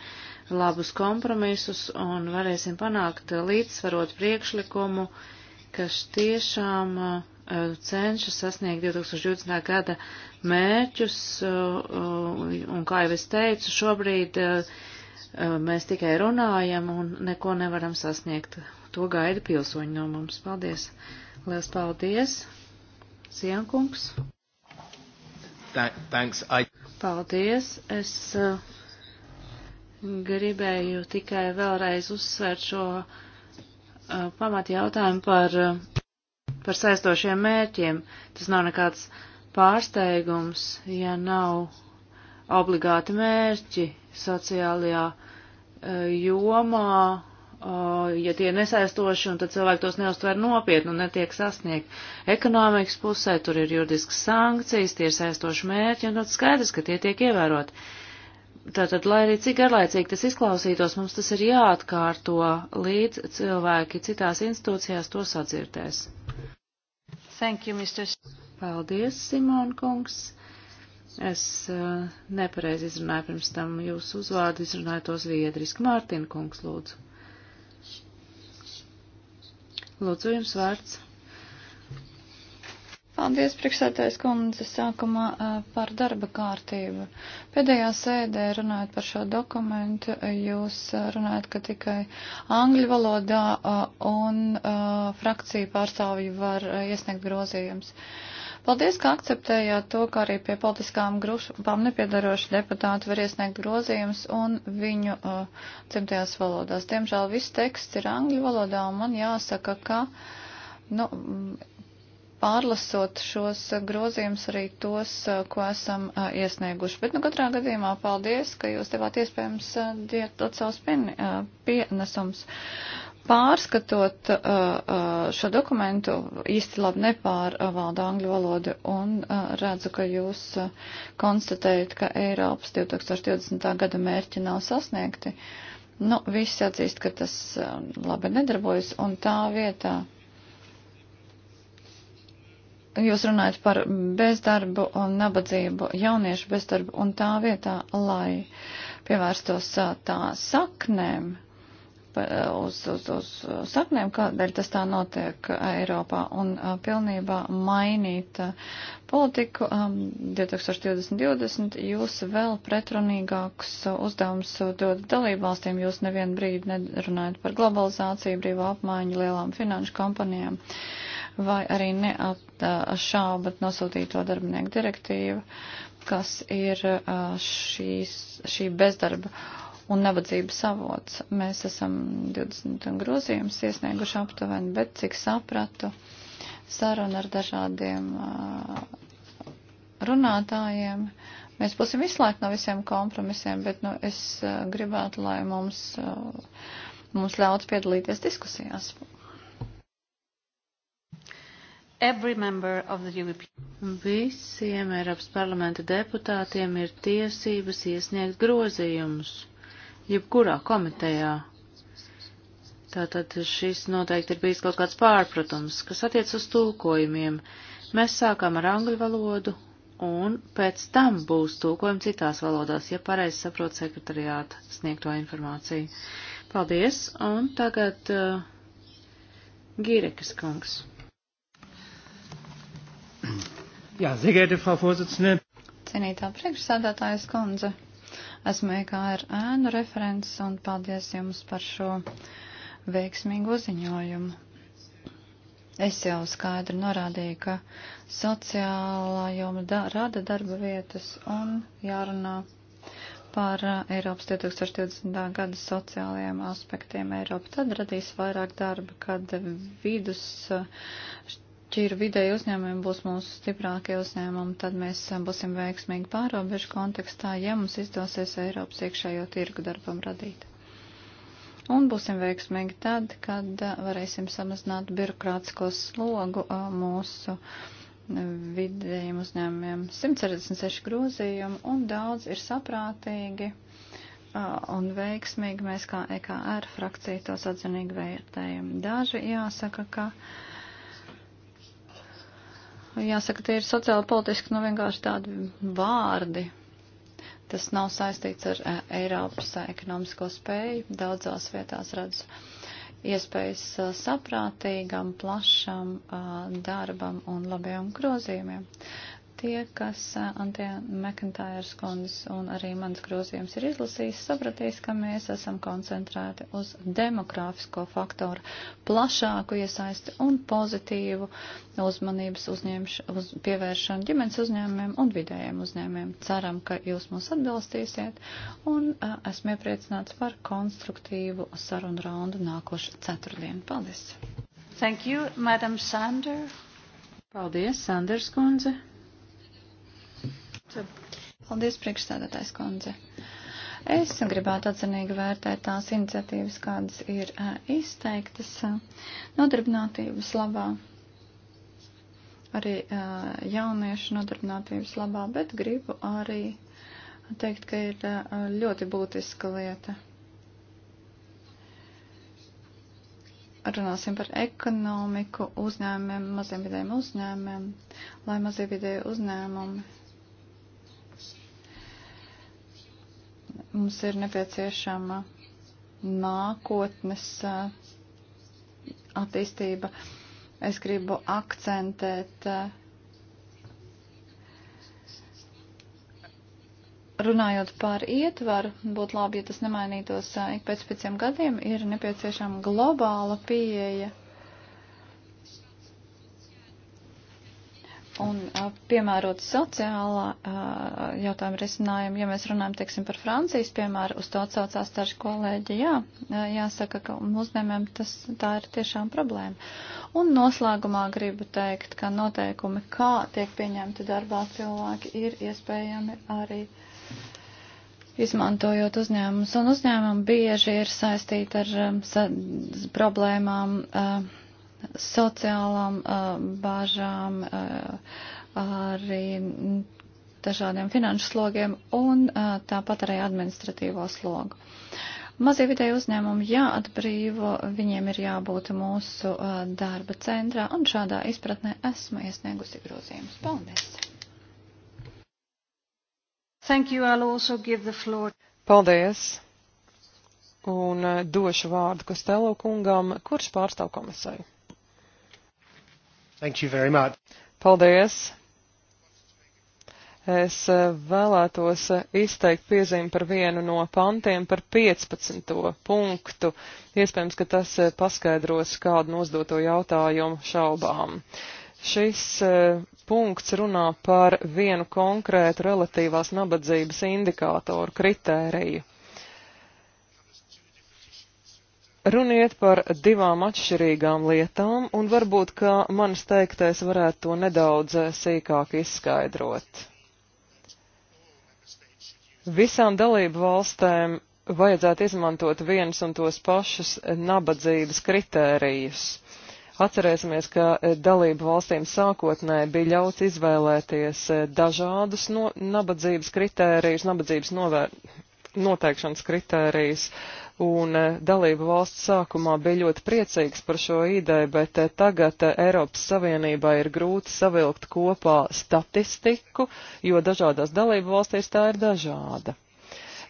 labus kompromisus un varēsim panākt līdzsvarot priekšlikumu, uh, kas tiešām eh, cenšas sasniegt 2020. gada mērķus, eh, un kā jau es teicu, šobrīd eh, mēs tikai runājam un neko nevaram sasniegt. To gaida pilsoņi no mums. Paldies! Lielas paldies! Sienkungs! Thanks, I... Paldies! Es gribēju tikai vēlreiz uzsvērt šo Uh, pamata jautājumu par, uh, par saistošiem mērķiem. Tas nav nekāds pārsteigums, ja nav obligāti mērķi sociālajā uh, jomā, ja tie ir nesaistoši, un tad cilvēki tos neuztver nopietni un netiek sasniegt. Ekonomikas pusē tur ir juridiskas sankcijas, tie ir saistoši mērķi, un tad skaidrs, ka tie tiek ievēroti. Tātad, lai arī cik garlaicīgi tas izklausītos, mums tas ir jāatkārto, līdz cilvēki citās institūcijās to sadzirdēs. Thank you, Mr. Paldies, Simon kungs. Es uh, nepareizi izrunāju pirms tam jūsu uzvārdu, izrunāju to zviedriski. Mārtiņa kungs, lūdzu. Lūdzu, jums vārds. Paldies, priekšsētājs kundze, sākumā eh, par darba kārtību. Pēdējā sēdē runājot par šo dokumentu, jūs eh, runājat, ka tikai angļu valodā eh, un frakciju pārstāvju var iesniegt grozījums. Paldies, ka akceptējāt to, ka arī pie politiskām grupām nepiedaroši deputāti var iesniegt grozījumus un viņu uh, dzimtajās valodās. Diemžēl viss teksts ir angļu valodā un man jāsaka, ka nu, pārlasot šos grozījumus arī tos, eh, ko esam eh, iesnieguši. Bet, nu, katrā gadījumā paldies, ka jūs devāt iespējams eh, dot savus pienesums. Pārskatot šo dokumentu, īsti labi nepārvalda angļu valodu un redzu, ka jūs konstatējat, ka Eiropas 2020. gada mērķi nav sasniegti. Nu, visi atzīst, ka tas labi nedarbojas un tā vietā jūs runājat par bezdarbu un nabadzību, jauniešu bezdarbu un tā vietā, lai pievērstos tā saknēm, uz, uz, uz saknēm, kādēļ tas tā notiek Eiropā un pilnībā mainīt politiku 2020, jūs vēl pretrunīgākus uzdevums dodat dalībvalstīm, jūs nevienu brīdi nerunājat par globalizāciju, brīvā apmaiņu lielām finanšu kompanijām. Uh, vai arī neapšaubat nosūtīto darbinieku direktīvu, kas ir šīs, šī bezdarba un nabadzības avots. Mēs esam 20 grozījumus iesnieguši aptuveni, bet cik sapratu, saruna ar dažādiem runātājiem. Mēs būsim izslēgti no visiem kompromisiem, bet nu, es gribētu, lai mums, mums ļauts piedalīties diskusijās. E Visiem Eiropas parlamenta deputātiem ir tiesības iesniegt grozījumus, jebkurā komitejā. Tātad šis noteikti ir bijis kaut kāds pārpratums, kas attiec uz tulkojumiem. Mēs sākām ar angļu valodu, un pēc tam būs tulkojumi citās valodās, ja pareizi saprot sekretariāta sniegto informāciju. Paldies, un tagad uh, Gīrekas kungs. Jā, Zigaita, Frau Vorsitzne. Cienītā priekšsādātājas kundze, esmu EKR ēnu referents un paldies jums par šo veiksmīgu ziņojumu. Es jau skaidri norādīju, ka sociālā joma da rada darba vietas un jārunā par uh, Eiropas 2020. gada sociālajiem aspektiem. Eiropa tad radīs vairāk darba, kad vidus uh, šķīru vidēji uzņēmumi būs mūsu stiprākie uzņēmumi, tad mēs eh, būsim veiksmīgi pārobežu kontekstā, ja mums izdosies Eiropas iekšējo tirgu darbam radīt. Un būsim veiksmīgi tad, kad eh, varēsim samazināt birokrātisko slogu eh, mūsu vidējiem uzņēmumiem. 146 grozījumi un daudz ir saprātīgi un veiksmīgi mēs kā EKR frakcija tos atzinīgi vērtējam. Daži jāsaka, ka jāsaka, tie ir sociāli politiski, nu vienkārši tādi vārdi. Tas nav saistīts ar eh, Eiropas eh, ekonomisko spēju. Daudzās vietās redzu iespējas eh, saprātīgam, plašam darbam un labiem grozījumiem. Uh, tie, kas Antija Mekintājas kundz un arī mans grozījums ir izlasījis, sapratīs, ka mēs esam koncentrēti uz demografisko faktoru plašāku iesaisti un pozitīvu uzmanības uzņemš, uz, pievēršanu ģimenes uzņēmumiem un vidējiem uzņēmumiem. Ceram, ka jūs mūs atbalstīsiet un uh, esmu iepriecināts par konstruktīvu sarunu raundu nākošu ceturtdienu. Paldies! Thank you, Madam Sander. Paldies, Sanders kundze. Paldies, priekšstādātājs kundze. Es gribētu atzinīgi vērtēt tās iniciatīvas, kādas ir izteiktas nodarbinātības labā, arī jauniešu nodarbinātības labā, bet gribu arī teikt, ka ir ļoti būtiska lieta. Runāsim par ekonomiku, uzņēmumiem, maziem vidējiem uzņēmumiem, lai mazie vidēji uzņēmumi Mums ir nepieciešama nākotnes attīstība. Es gribu akcentēt, runājot par ietvaru, būtu labi, ja tas nemainītos ik pēc pieciem gadiem, ir nepieciešama globāla pieeja piemērot sociālā jautājuma risinājumu. Ja mēs runājam, teiksim, par Francijas piemēru, uz to atsaucās daži kolēģi, jā, jāsaka, ka uzņēmēm tas tā ir tiešām problēma. Un noslēgumā gribu teikt, ka noteikumi, kā tiek pieņemti darbā cilvēki, ir iespējami arī izmantojot uzņēmumus. Un uzņēmumi bieži ir saistīti ar sa problēmām. Uh, sociālām uh, bāžām, uh, arī dažādiem finanšu slogiem un tāpat arī administratīvo slogu. Mazie vidēji uzņēmumi jāatbrīvo, viņiem ir jābūt mūsu darba centrā, un šādā izpratnē esmu iesniegusi grozījumus. Paldies! Thank you. I'll also give the floor. Paldies! Un došu vārdu Kostelo kungam, kurš pārstāv komisiju. Thank you very much. Paldies! Es eh, vēlētos eh, izteikt piezīmi par vienu no pantiem, par 15. punktu. Iespējams, ka tas eh, paskaidros kādu nozdoto jautājumu šaubām. Šis punkts runā par vienu konkrētu relatīvās nabadzības indikātoru kritēriju. Runiet par divām atšķirīgām lietām, un varbūt, ka manis teiktais varētu to nedaudz sīkāk izskaidrot. Visām dalību valstēm vajadzētu izmantot vienus un tos pašus nabadzības kritērijus. Atcerēsimies, ka e, dalību valstīm sākotnēji bija ļauts izvēlēties e, dažādus no, nabadzības kritērijus, nabadzības novēr, noteikšanas kritērijus, un eh, dalību valsts sākumā bija ļoti priecīgs par šo ideju, bet eh, tagad eh, Eiropas Savienībā ir grūti savilkt kopā statistiku, jo dažādās dalību valstīs tā ir dažāda.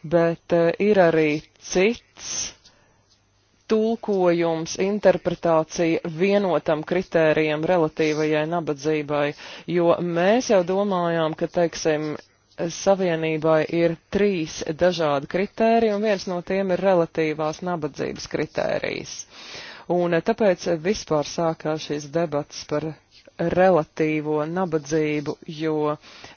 Bet ir arī cits tulkojums, interpretācija vienotam kritērijam relatīvajai nabadzībai, jo mēs jau domājām, ka, teiksim, Savienībai ir trīs dažādi kritēriji, un viens no tiem ir relatīvās nabadzības kritērijs. Un tāpēc vispār sākās šīs debatas par relatīvo nabadzību, jo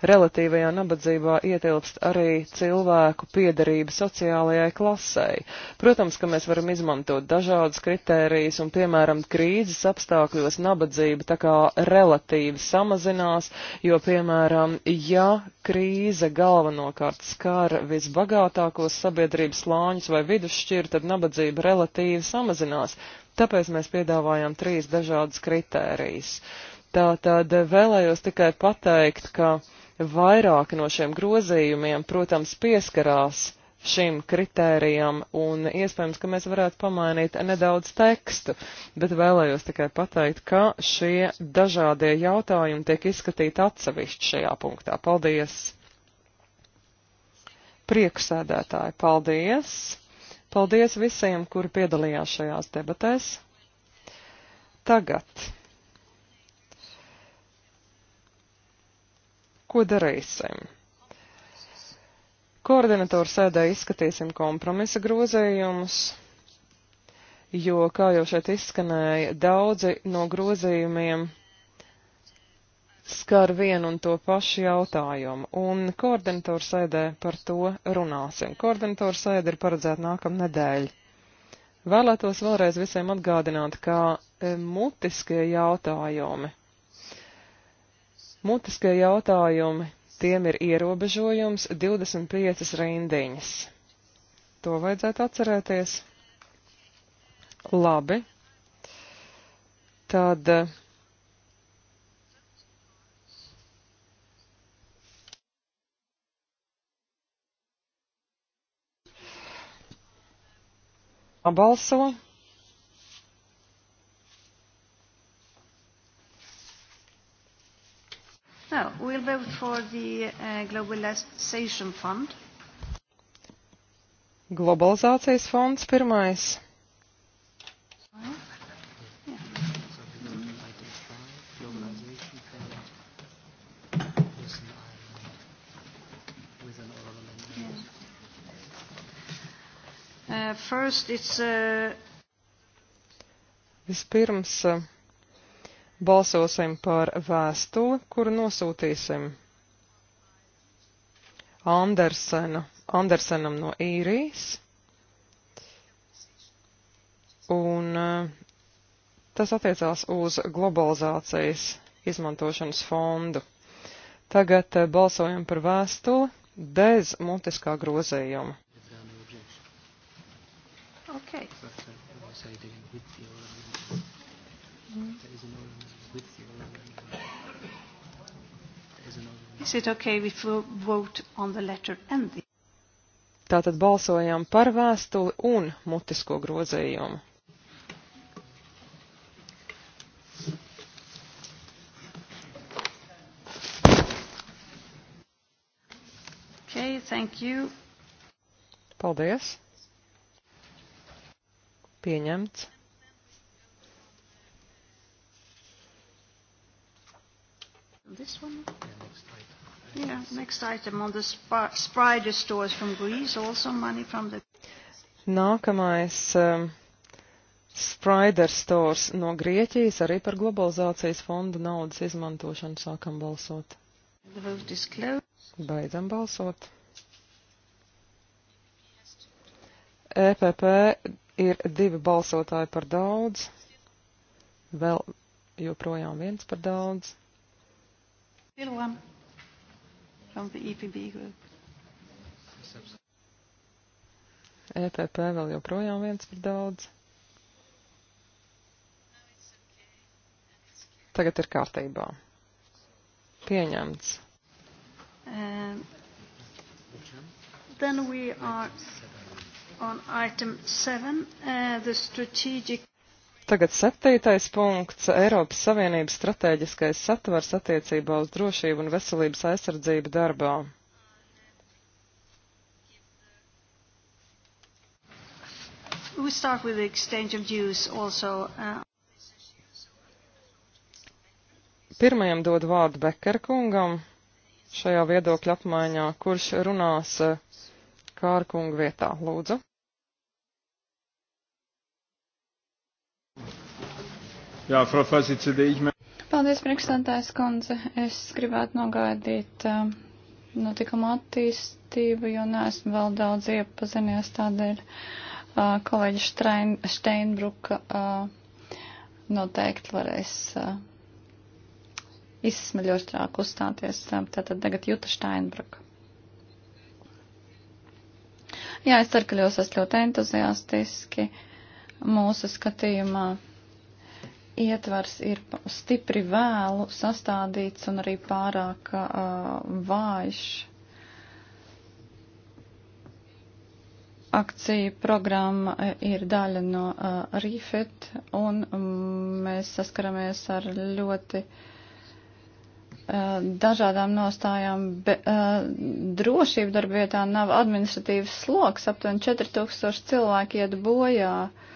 relatīvajā nabadzībā ietilpst arī cilvēku piedarība sociālajai klasei. Protams, ka mēs varam izmantot dažādas kritērijas, un, piemēram, krīzes apstākļos nabadzība tā kā relatīvi samazinās, jo, piemēram, ja krīze galvenokārt skar visbagātākos sabiedrības slāņus vai vidusšķir, tad nabadzība relatīvi samazinās. Tāpēc mēs piedāvājam trīs dažādas kritērijas. Uh, Tātad vēlējos tikai pateikt, ka vairāki no šiem grozījumiem, protams, pieskarās šim kritērijam, un iespējams, ka mēs varētu pamainīt nedaudz tekstu, bet vēlējos tikai pateikt, ka šie dažādie jautājumi tiek izskatīti atsevišķi šajā punktā. Paldies! Prieksēdētāji, paldies! Paldies visiem, kuri piedalījās šajās debatēs. Tagad Ko darīsim? Koordinatoru sēdē izskatīsim kompromisa grozējumus, jo, kā jau šeit izskanēja, daudzi no grozījumiem skar vienu un to pašu jautājumu, un koordinatoru sēdē par to runāsim. Koordinatoru sēde ir paredzēta nākamnedēļ. Vēlētos vēlreiz visiem atgādināt, kā e, mutiskie jautājumi Mutiskie jautājumi, tiem ir ierobežojums 25 rindiņas. To vajadzētu atcerēties. Labi. Tad. Uh, balso. Now, we'll vote for the uh, Globalization Fund. Globalizācijas fonds pirmais. Uh, first, it's, uh... Vispirms uh, Balsosim par vēstuli, kuru nosūtīsim Andersena, Andersenam no īrijas. Un eh, tas attiecās uz globalizācijas izmantošanas fondu. Tagad eh, balsojam par vēstuli bez mutiskā grozījuma. Okay. Is it okay if we vote on the letter and the... Tātad balsojam par vēstuli un mutisko grozījumu. Okay, thank you. Paldies. Pieņemts. this one? Yeah, next item. Yeah, next item on the Sprider stores from Greece, also money from the... Nākamais um, Sprider stores no Grieķijas, arī par globalizācijas fonda naudas izmantošanu sākam balsot. Beidzam balsot. EPP ir divi balsotāji par daudz, vēl joprojām viens par daudz. Still one from the EPB group. EPP vēl joprojām viens par daudz. Tagad ir kārtībā. Pieņemts. Um, then we are on item 7, uh, the strategic Tagad septītais punkts - Eiropas Savienības strateģiskais satvars attiecībā uz drošību un veselības aizsardzību darbā. Also, uh... Pirmajam dod vārdu Bekera kungam šajā viedokļa apmaiņā, kurš runās uh, Kārkunga vietā. Lūdzu. Jā, Frau Vorsitzende, ich mēģinu. Paldies, priekšstādājas kundze. Es gribētu nogaidīt uh, notikumu attīstību, jo neesmu vēl daudz iepazinies tādēļ uh, kolēģi Štrein, Steinbruka uh, noteikti varēs uh, izsmeļošāk uzstāties. Um, tātad tagad Juta Steinbruka. Jā, es ceru, ka jūs esat ļoti entuziastiski mūsu skatījumā ietvars ir stipri vēlu sastādīts un arī pārāk uh, vājš. Akcija programma uh, ir daļa no uh, RIFIT un um, mēs saskaramies ar ļoti uh, dažādām nostājām. Be, uh, drošība darbietā nav administratīvs sloks, aptuveni 4000 cilvēki iet bojā. Uh,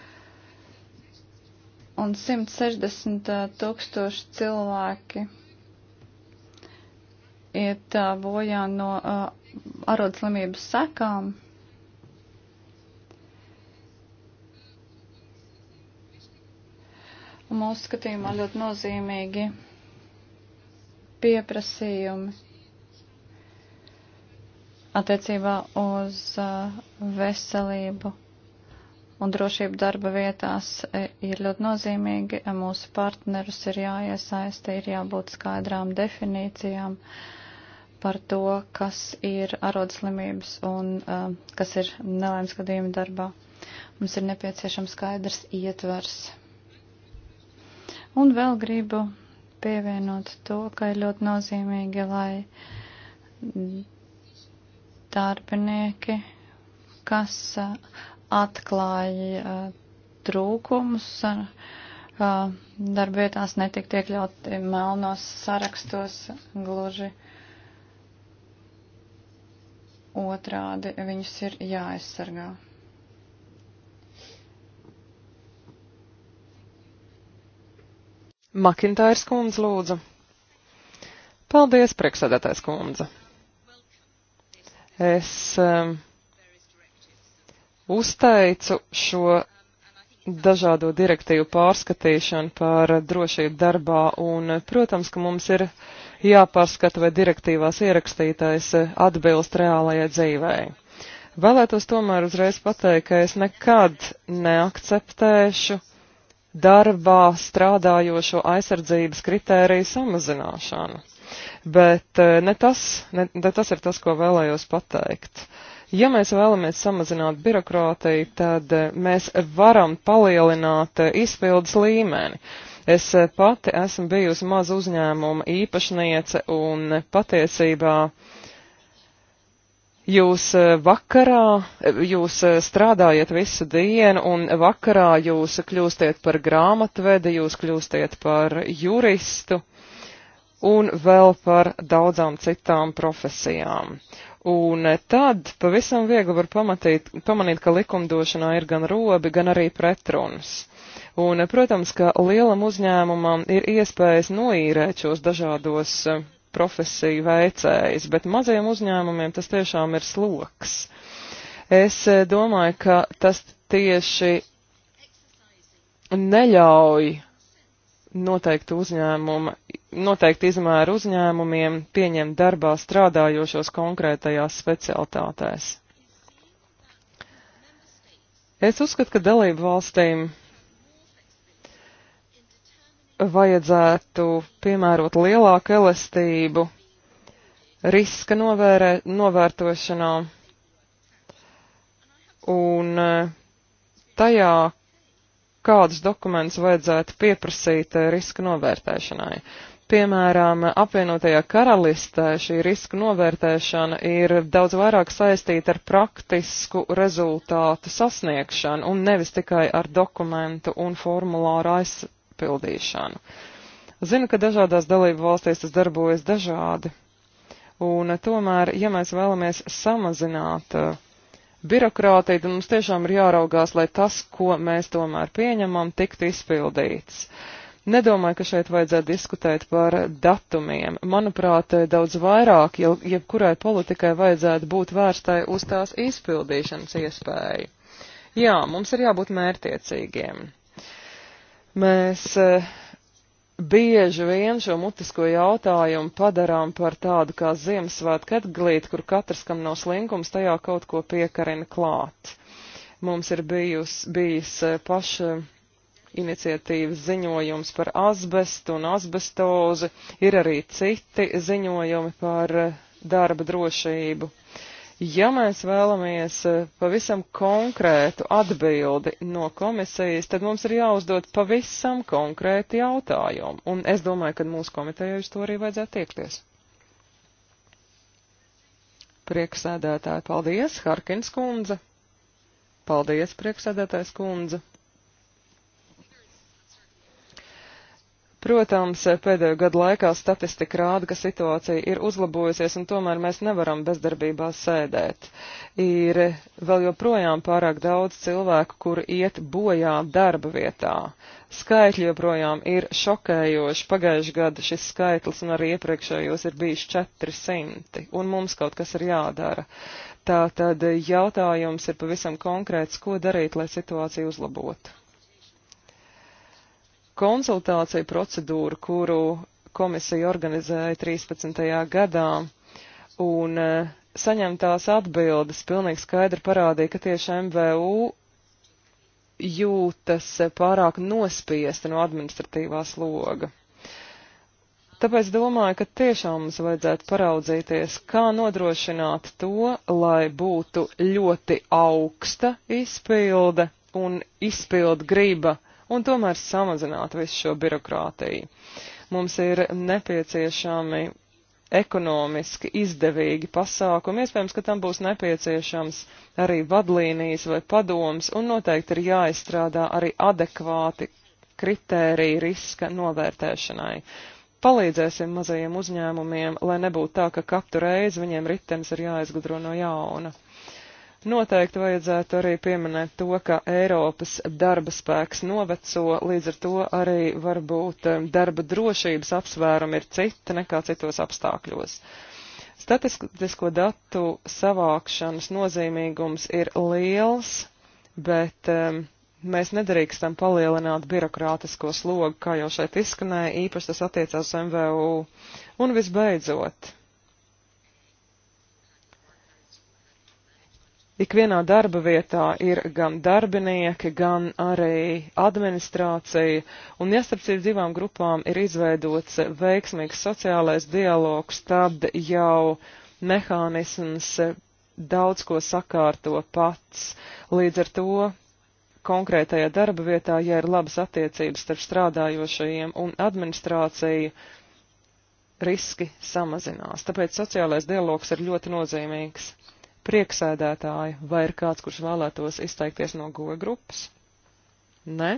un 160 eh, tūkstoši cilvēki iet eh, bojā no eh, arodslimības sekām. Un mūsu skatījumā ļoti nozīmīgi pieprasījumi attiecībā uz veselību un drošība darba vietās e, ir ļoti nozīmīgi. E, mūsu partnerus ir jāiesaista, ir jābūt skaidrām definīcijām par to, kas ir arodslimības un uh, kas ir nelēms gadījumi darbā. Mums ir nepieciešams skaidrs ietvers. Un vēl gribu pievienot to, ka ir ļoti nozīmīgi, lai darbinieki, kas atklāja eh, trūkumus eh, darbietās, netika iekļauti melnos sarakstos gluži otrādi viņus ir jāaizsargā. Makintājas kundze lūdzu. Paldies, priekšsēdētājs kundze. Es um, uzteicu šo dažādo direktīvu pārskatīšanu par drošību darbā, un, protams, ka mums ir jāpārskata, vai direktīvās ierakstītais atbilst reālajai dzīvei. Vēlētos tomēr uzreiz pateikt, ka es nekad neakceptēšu darbā strādājošo aizsardzības kritēriju samazināšanu. Bet eh, ne tas, ne, ne tas ir tas, ko vēlējos pateikt. Uh, Ja mēs vēlamies samazināt birokrātiju, tad eh, mēs varam palielināt eh, izpildes līmeni. Es eh, pati esmu bijusi maza uzņēmuma īpašniece un patiesībā jūs vakarā, jūs strādājat visu dienu un vakarā jūs kļūstiet par grāmatvedi, jūs kļūstiet par juristu un vēl par daudzām citām profesijām. Un eh, tad pavisam viegli var pamatīt, pamanīt, ka likumdošanā ir gan robi, gan arī pretrunas. Un, eh, protams, ka lielam uzņēmumam ir iespējas noīrēt šos dažādos eh, profesiju veicējus, bet maziem uzņēmumiem tas tiešām ir sloks. Es domāju, ka tas tieši neļauj noteiktu uzņēmumu noteikti izmēru uzņēmumiem pieņem darbā strādājošos konkrētajās specialitātēs. Es uzskatu, ka dalību valstīm vajadzētu piemērot lielāku elastību riska novērē, novērtošanā un eh, tajā, kādus dokumentus vajadzētu pieprasīt eh, riska novērtēšanai. Piemēram, apvienotajā karalistē šī riska novērtēšana ir daudz vairāk saistīta ar praktisku rezultātu sasniegšanu un nevis tikai ar dokumentu un formulāru aizpildīšanu. Zinu, ka dažādās dalību valstīs tas darbojas dažādi, un tomēr, ja mēs vēlamies samazināt uh, birokrātiju, tad mums tiešām ir jāraugās, lai tas, ko mēs tomēr pieņemam, tiktu izpildīts. Uh, Nedomāju, ka šeit vajadzētu diskutēt par datumiem. Manuprāt, daudz vairāk jau jebkurai politikai vajadzētu būt vērstai uz tās izpildīšanas iespēju. Jā, mums ir jābūt mērtiecīgiem. Mēs eh, bieži vien šo mutisko jautājumu padarām par tādu kā Ziemassvētku atglīti, kur katrs, kam nav slinkums, tajā kaut ko piekarina klāt. Mums ir bijus, bijis eh, paša iniciatīvas ziņojums par asbestu un asbestozi, ir arī citi ziņojumi par eh, darba drošību. Ja mēs vēlamies eh, pavisam konkrētu atbildi no komisijas, tad mums ir jāuzdod pavisam konkrēti jautājumi, un es domāju, ka mūsu komitejai uz to arī vajadzētu tiekties. Prieksēdētāji, paldies, Harkins kundze! Paldies, prieksēdētājs kundze! Protams, pēdējo gadu laikā statistika rāda, ka situācija ir uzlabojusies, un tomēr mēs nevaram bezdarbībā sēdēt. Ir vēl joprojām pārāk daudz cilvēku, kuri iet bojā darba vietā. Skaitļi joprojām ir šokējoši. Pagājuši gada šis skaitlis un arī iepriekšējos ir bijis 400, un mums kaut kas ir jādara. Tātad jautājums ir pavisam konkrēts, ko darīt, lai situāciju uzlabotu konsultāciju procedūru, kuru komisija organizēja 13. gadā, un e, saņemtās atbildes pilnīgi skaidri parādīja, ka tieši MVU jūtas pārāk nospiesti no administratīvā sloga. Tāpēc domāju, ka tiešām mums vajadzētu paraudzīties, kā nodrošināt to, lai būtu ļoti augsta izpilde un izpildu griba un tomēr samazināt visu šo birokrātiju. Mums ir nepieciešami ekonomiski izdevīgi pasākumi. Iespējams, ka tam būs nepieciešams arī vadlīnijas vai padoms, un noteikti ir jāizstrādā arī adekvāti kritēriji riska novērtēšanai. Palīdzēsim mazajiem uzņēmumiem, lai nebūtu tā, ka katru reizi viņiem ritenis ir jāizgudro no jauna. Noteikti vajadzētu arī pieminēt to, ka Eiropas darba spēks noveco, līdz ar to arī varbūt eh, darba drošības apsvērumi ir citi nekā citos apstākļos. Statistisko datu savākšanas nozīmīgums ir liels, bet um, mēs nedrīkstam palielināt birokrātisko slogu, kā jau šeit izskanēja, īpaši tas attiecās MVU. Un visbeidzot, Ikvienā darba vietā ir gan darbinieki, gan arī administrācija, un ja starp šīm divām grupām ir izveidots veiksmīgs sociālais dialogs, tad jau mehānisms daudz ko sakārto pats. Līdz ar to konkrētajā darba vietā, ja ir labas attiecības starp strādājošajiem un administrāciju, riski samazinās. Tāpēc sociālais dialogs ir ļoti nozīmīgs prieksēdētāja, vai ir kāds, kurš vēlētos izteikties no goja grupas? Nē?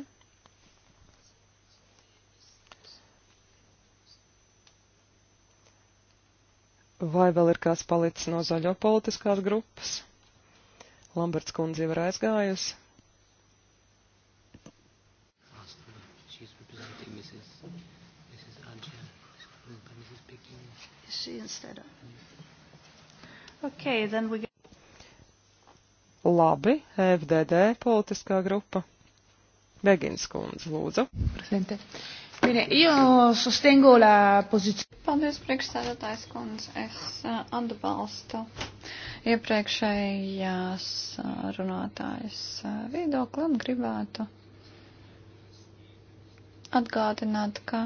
Vai vēl ir kāds palicis no zaļo politiskās grupas? Lamberts kundze jau ir aizgājusi. she instead of. Okay, then we Labi, FDD politiskā grupa. Begins kundze, lūdzu. Prezidente. Bine, io sostengo la pozizione. Paldies, priekšsēdētājs kundze. Es uh, atbalstu iepriekšējās uh, runātājas uh, viedokli un gribētu atgādināt, ka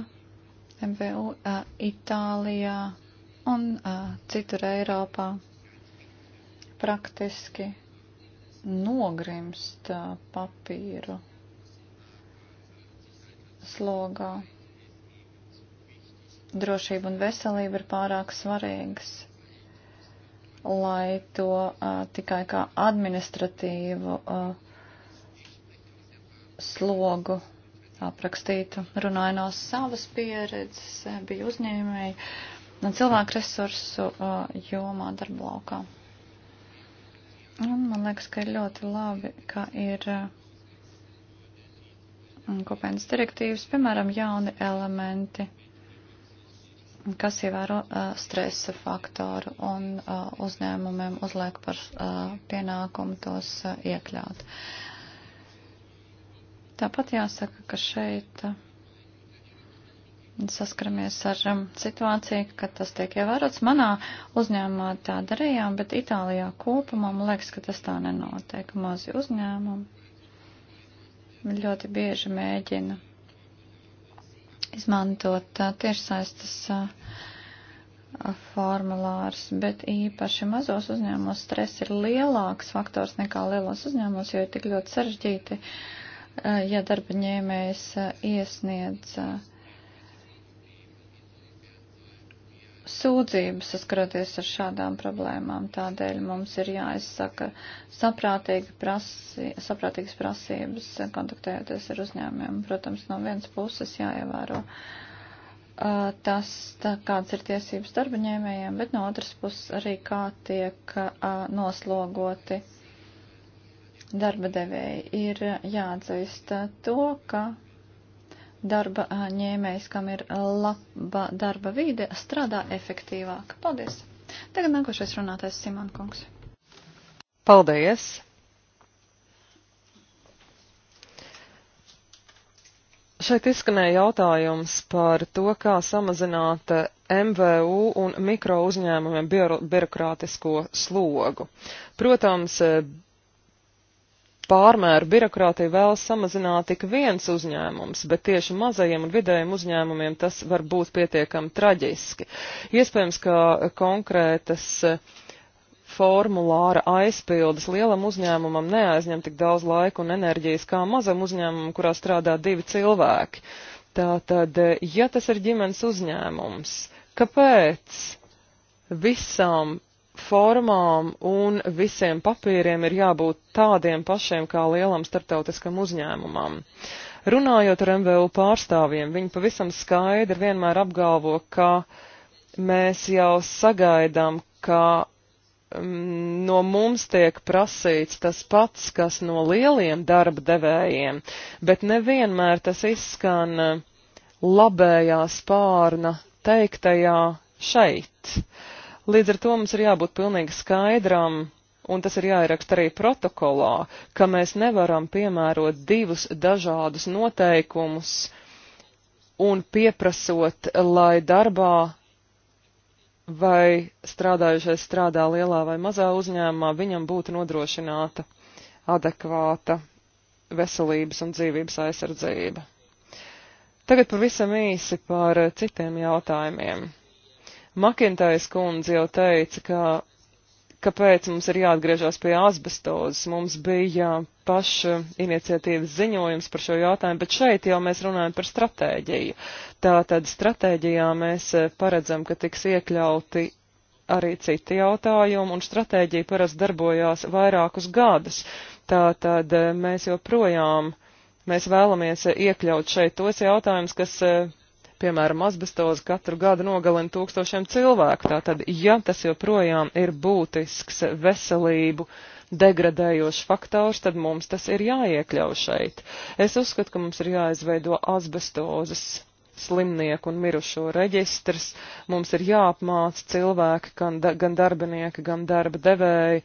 MVU uh, Itālijā un uh, citur Eiropā praktiski nogrimst papīru slogā. Drošība un veselība ir pārāk svarīgas, lai to uh, tikai kā administratīvu uh, slogu aprakstītu. Runāju no savas pieredzes, biju uzņēmēji un cilvēku resursu uh, jomā darba laukā. Un man liekas, ka ir ļoti labi, ka ir mm, kopienas direktīvas, piemēram, jauni elementi, kas ievēro uh, stresa faktoru un uh, uzņēmumiem uzliek par uh, pienākumu tos uh, iekļaut. Tāpat jāsaka, ka šeit. Uh, saskaramies ar um, situāciju, ka tas tiek ievērots. Manā uzņēmumā tā darījām, bet Itālijā kopumā man liekas, ka tas tā nenotiek. Mazi uzņēmumi ļoti bieži mēģina izmantot uh, tiešsaistes uh, formulārus, bet īpaši mazos uzņēmumos stress ir lielāks faktors nekā lielos uzņēmumos, jo ir tik ļoti sarežģīti, uh, ja darba ņēmējs uh, iesniedz. Uh, sūdzību saskaroties ar šādām problēmām. Tādēļ mums ir jāizsaka saprātīgi prasi, saprātīgas prasības, kontaktējoties ar uzņēmumiem. Protams, no vienas puses jāievēro tas, tā, kāds ir tiesības darba ņēmējiem, bet no otras puses arī kā tiek noslogoti darba devēji. Ir jāatzīst to, ka darba ņēmējs, kam ir laba darba vīde, strādā efektīvāk. Paldies! Tagad nākošais runātais Simon Kungs. Paldies! Šeit izskanēja jautājums par to, kā samazināt MVU un mikro uzņēmumiem birokrātisko slogu. Protams, pārmēru birokrātiju vēlas samazināt tik viens uzņēmums, bet tieši mazajiem un vidējiem uzņēmumiem tas var būt pietiekami traģiski. Iespējams, ka konkrētas eh, formulāra aizpildes lielam uzņēmumam neaizņem tik daudz laika un enerģijas kā mazam uzņēmumam, kurā strādā divi cilvēki. Tātad, eh, ja tas ir ģimenes uzņēmums, kāpēc visām formām un visiem papīriem ir jābūt tādiem pašiem kā lielam starptautiskam uzņēmumam. Runājot ar MVU pārstāvjiem, viņi pavisam skaidri vienmēr apgalvo, ka mēs jau sagaidām, ka mm, no mums tiek prasīts tas pats, kas no lieliem darba devējiem, bet nevienmēr tas izskan eh, labējā spārna teiktajā šeit. Uh, Līdz ar to mums ir jābūt pilnīgi skaidram, un tas ir jāieraksta arī protokolā, ka mēs nevaram piemērot divus dažādus noteikumus un pieprasot, lai darbā vai strādājušais strādā lielā vai mazā uzņēmumā, viņam būtu nodrošināta adekvāta veselības un dzīvības aizsardzība. Tagad pavisam īsi par citiem jautājumiem. Makintais kundze jau teica, ka kāpēc mums ir jāatgriežas pie asbestozes. Mums bija paša iniciatīvas ziņojums par šo jautājumu, bet šeit jau mēs runājam par stratēģiju. Tātad stratēģijā mēs eh, paredzam, ka tiks iekļauti arī citi jautājumi, un stratēģija parasti darbojās vairākus gadus. Tātad eh, mēs joprojām, mēs vēlamies eh, iekļaut šeit tos jautājumus, kas Piemēram, asbestoza katru gadu nogalina tūkstošiem cilvēku. Tātad, ja tas joprojām ir būtisks veselību degradējošs faktors, tad mums tas ir jāiekļauj šeit. Es uzskatu, ka mums ir jāizveido asbestozes slimnieku un mirušo reģistrs. Mums ir jāapmāca cilvēki, gan, da, gan darbinieki, gan darba devēji.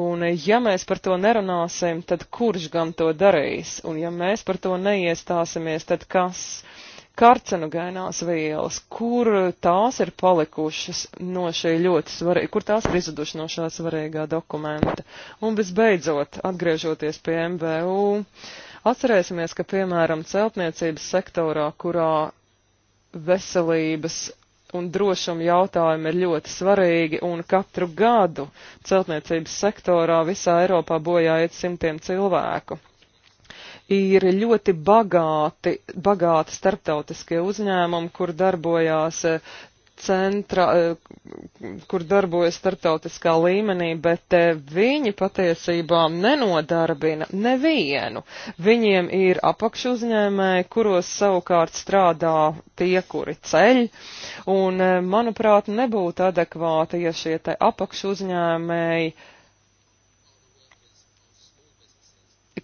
Un ja mēs par to nerunāsim, tad kurš gan to darīs? Un ja mēs par to neiestāsimies, tad kas? karcinogēnās vielas, kur tās ir palikušas no šī ļoti svarīga, kur tās ir izudušas no šā svarīgā dokumenta. Un visbeidzot, atgriežoties pie MVU, atcerēsimies, ka piemēram celtniecības sektorā, kurā veselības un drošuma jautājumi ir ļoti svarīgi, un katru gadu celtniecības sektorā visā Eiropā bojāiet simtiem cilvēku ir ļoti bagāti, bagāti starptautiskie uzņēmumi, kur darbojās eh, centra, eh, kur darbojas starptautiskā līmenī, bet eh, viņi patiesībā nenodarbina nevienu. Viņiem ir apakšu uzņēmēji, kuros savukārt strādā tie, kuri ceļ, un, manuprāt, nebūtu adekvāti, ja šie te apakšu uzņēmēji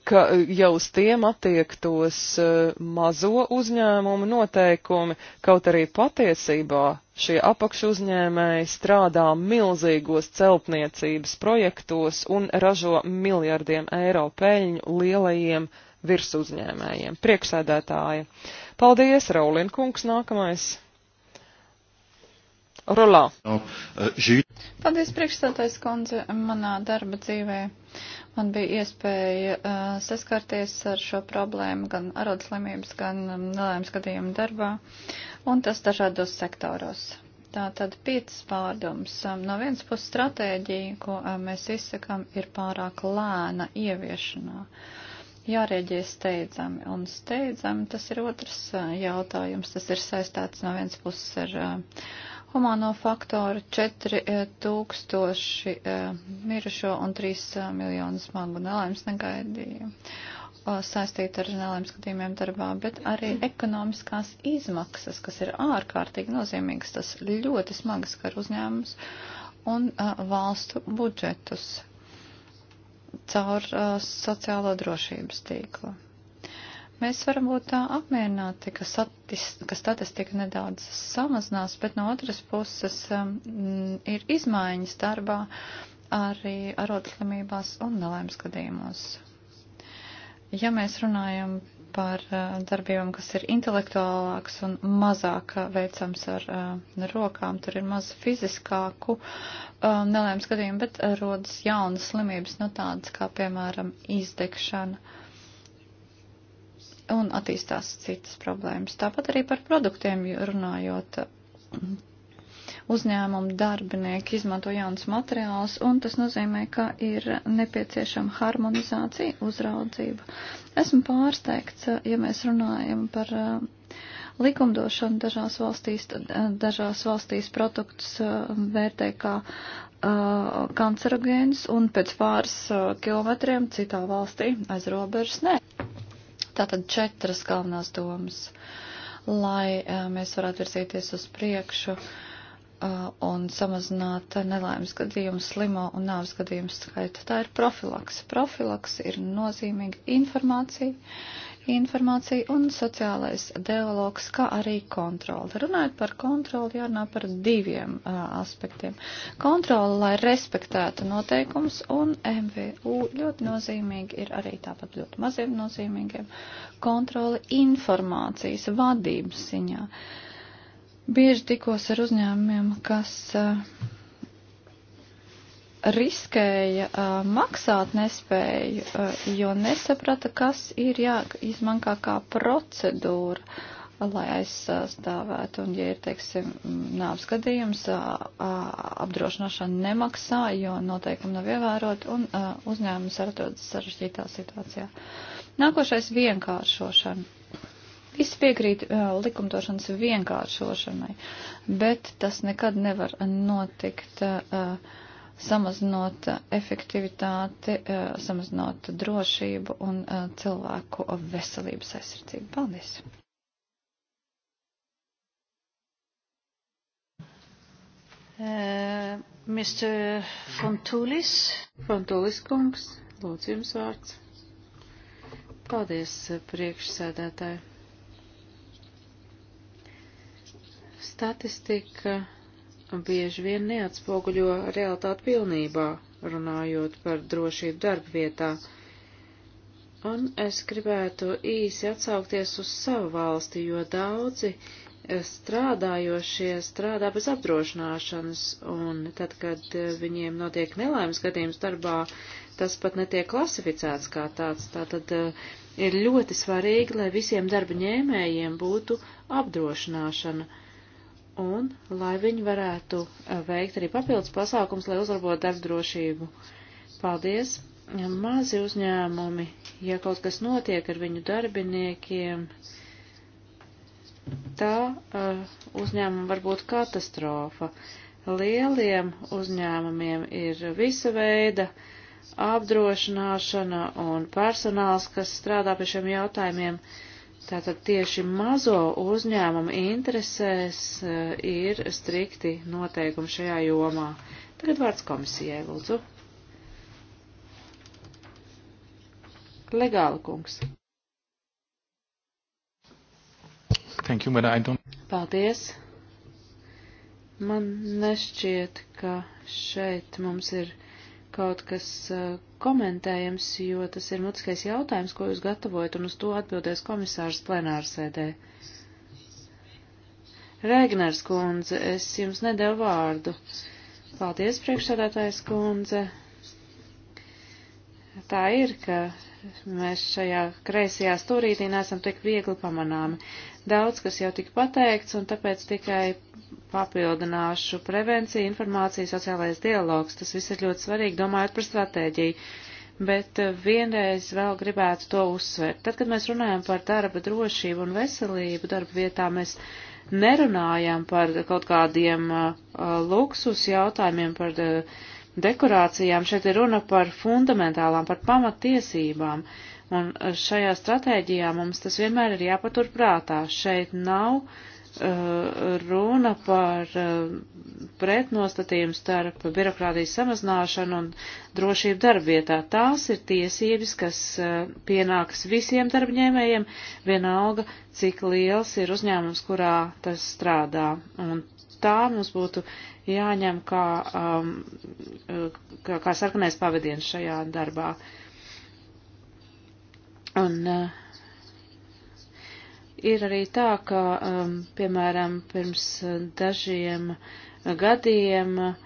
ka jau uz tiem attiektos eh, mazo uzņēmumu noteikumi, kaut arī patiesībā šie apakšu uzņēmēji strādā milzīgos celtniecības projektos un ražo miljardiem eiro peļņu lielajiem virsuzņēmējiem. Priekšsēdētāja. Paldies, Raulinkungs, nākamais. Rolā. Eh, Paldies, priekšstādājs kundze, manā darba dzīvē Man bija iespēja uh, saskarties ar šo problēmu gan arodslimības, gan um, nelēmas gadījumu darbā, un tas dažādos sektoros. Tā tad piecas pārdomas. Um, no vienas puses stratēģija, ko uh, mēs izsakam, ir pārāk lēna ieviešanā. Jārēģē steidzami, un steidzami tas ir otrs uh, jautājums. Tas ir saistāts no vienas puses ar uh, humāno faktoru 4000 e, e, mirušo un 3 e, miljonu smagu nelaimes negaidīja saistīta ar žurnāliem skatījumiem darbā, bet arī ekonomiskās izmaksas, kas ir ārkārtīgi nozīmīgas, tas ļoti smagas skar uzņēmums un uh, valstu budžetus caur uh, sociālo drošības tīklu. Mēs varam būt tā apmierināti, ka, satis, ka statistika nedaudz samazinās, bet no otras puses um, ir izmaiņas darbā arī arotslimībās un nelaimes gadījumos. Ja mēs runājam par uh, darbībām, kas ir intelektuālāks un mazāk uh, veicams ar uh, rokām, tur ir maz fiziskāku uh, nelaimes gadījumu, bet uh, rodas jaunas slimības, nu no tādas kā, piemēram, izdegšana. Uh, un attīstās citas problēmas. Tāpat arī par produktiem runājot. Uzņēmumu darbinieki izmanto jaunas materiālus, un tas nozīmē, ka ir nepieciešama harmonizācija, uzraudzība. Esmu pārsteigts, ja mēs runājam par uh, likumdošanu dažās valstīs, uh, dažās valstīs produktus uh, vērtē kā kancerogēns, un pēc pāris kilometriem citā valstī aiz robežas nē. Tātad četras galvenās domas, lai eh, mēs varētu virzīties uz priekšu eh, un samazināt nelaimes gadījumu, slimo un nāves gadījumu skaitu. Tā ir profilaks. Profilaks ir nozīmīga informācija, informācija un sociālais dialogs, kā arī kontroli. Runājot par kontroli, jārunā par diviem uh, aspektiem. Kontroli, lai respektētu noteikums, un MVU ļoti nozīmīgi ir arī tāpat ļoti maziem nozīmīgiem kontroli informācijas vadības ziņā. Bieži tikos ar uzņēmumiem, kas. Uh, riskēja uh, maksāt nespēju, uh, jo nesaprata, kas ir jāizmankā kā procedūra, lai aizstāvētu. Un, ja ir, teiksim, nāvs gadījums, uh, uh, apdrošināšana nemaksā, jo noteikumi nav ievērot, un uh, uzņēmums atrodas sarežģītā situācijā. Nākošais - vienkāršošana. Visi piekrīt uh, likumdošanas vienkāršošanai, bet tas nekad nevar notikt. Uh, samazinot efektivitāti, eh, samazinot drošību un eh, cilvēku veselības aizsardzību. Paldies! Uh, eh, Mr. Fontulis. Fontulis kungs, lūdzu jums vārds. Paldies, priekšsēdētāji. Statistika bieži vien neatspoguļo realitāti pilnībā, runājot par drošību darba vietā. Un es gribētu īsi atsaukties uz savu valsti, jo daudzi eh, strādājošie strādā bez apdrošināšanas, un tad, kad eh, viņiem notiek nelaimes gadījums darbā, tas pat netiek klasificēts kā tāds. Tātad eh, ir ļoti svarīgi, lai visiem darba ņēmējiem būtu apdrošināšana un lai viņi varētu eh, veikt arī papildus pasākums, lai uzlabotu darba drošību. Paldies! Mazi uzņēmumi, ja kaut kas notiek ar viņu darbiniekiem, tā uh, uzņēmuma var būt katastrofa. Lieliem uzņēmumiem ir visa veida apdrošināšana un personāls, kas strādā pie šiem jautājumiem. Uh, Tātad tieši mazo uzņēmumu interesēs eh, ir strikti noteikumi šajā jomā. Tagad vārds komisijai, lūdzu. Legāla kungs. Thank you, but I don't... Paldies. Man nešķiet, ka šeit mums ir kaut kas, eh, komentējams, jo tas ir mutiskais jautājums, ko jūs gatavojat, un uz to atbildēs komisārs plenārsēdē. Rēgners kundze, es jums nedēvu vārdu. Paldies, priekšsādātājs kundze. Tā ir, ka mēs šajā kreisajā stūrītī neesam tik viegli pamanāmi. Daudz, kas jau tika pateikts, un tāpēc tikai papildināšu prevenciju, informāciju, sociālais dialogs. Tas viss ir ļoti svarīgi, domājot par stratēģiju bet eh, vienreiz vēl gribētu to uzsvērt. Tad, kad mēs runājam par darba drošību un veselību darba vietā, mēs nerunājam par kaut kādiem uh, luksus jautājumiem, par uh, dekorācijām, šeit ir runa par fundamentālām, par pamatiesībām, un eh, šajā stratēģijā mums tas vienmēr ir jāpatur prātā. Šeit nav uh, runa par uh, eh, pretnostatījumu starp birokrātijas samazināšanu un drošību darbvietā. Tās ir tiesības, kas uh, pienākas visiem darbņēmējiem, vienalga, cik liels ir uzņēmums, kurā tas strādā. Un tā mums būtu jāņem kā, um, kā, kā sarkanais pavadiens šajā darbā. Un uh, ir arī tā, ka, um, piemēram, pirms dažiem gadiem um,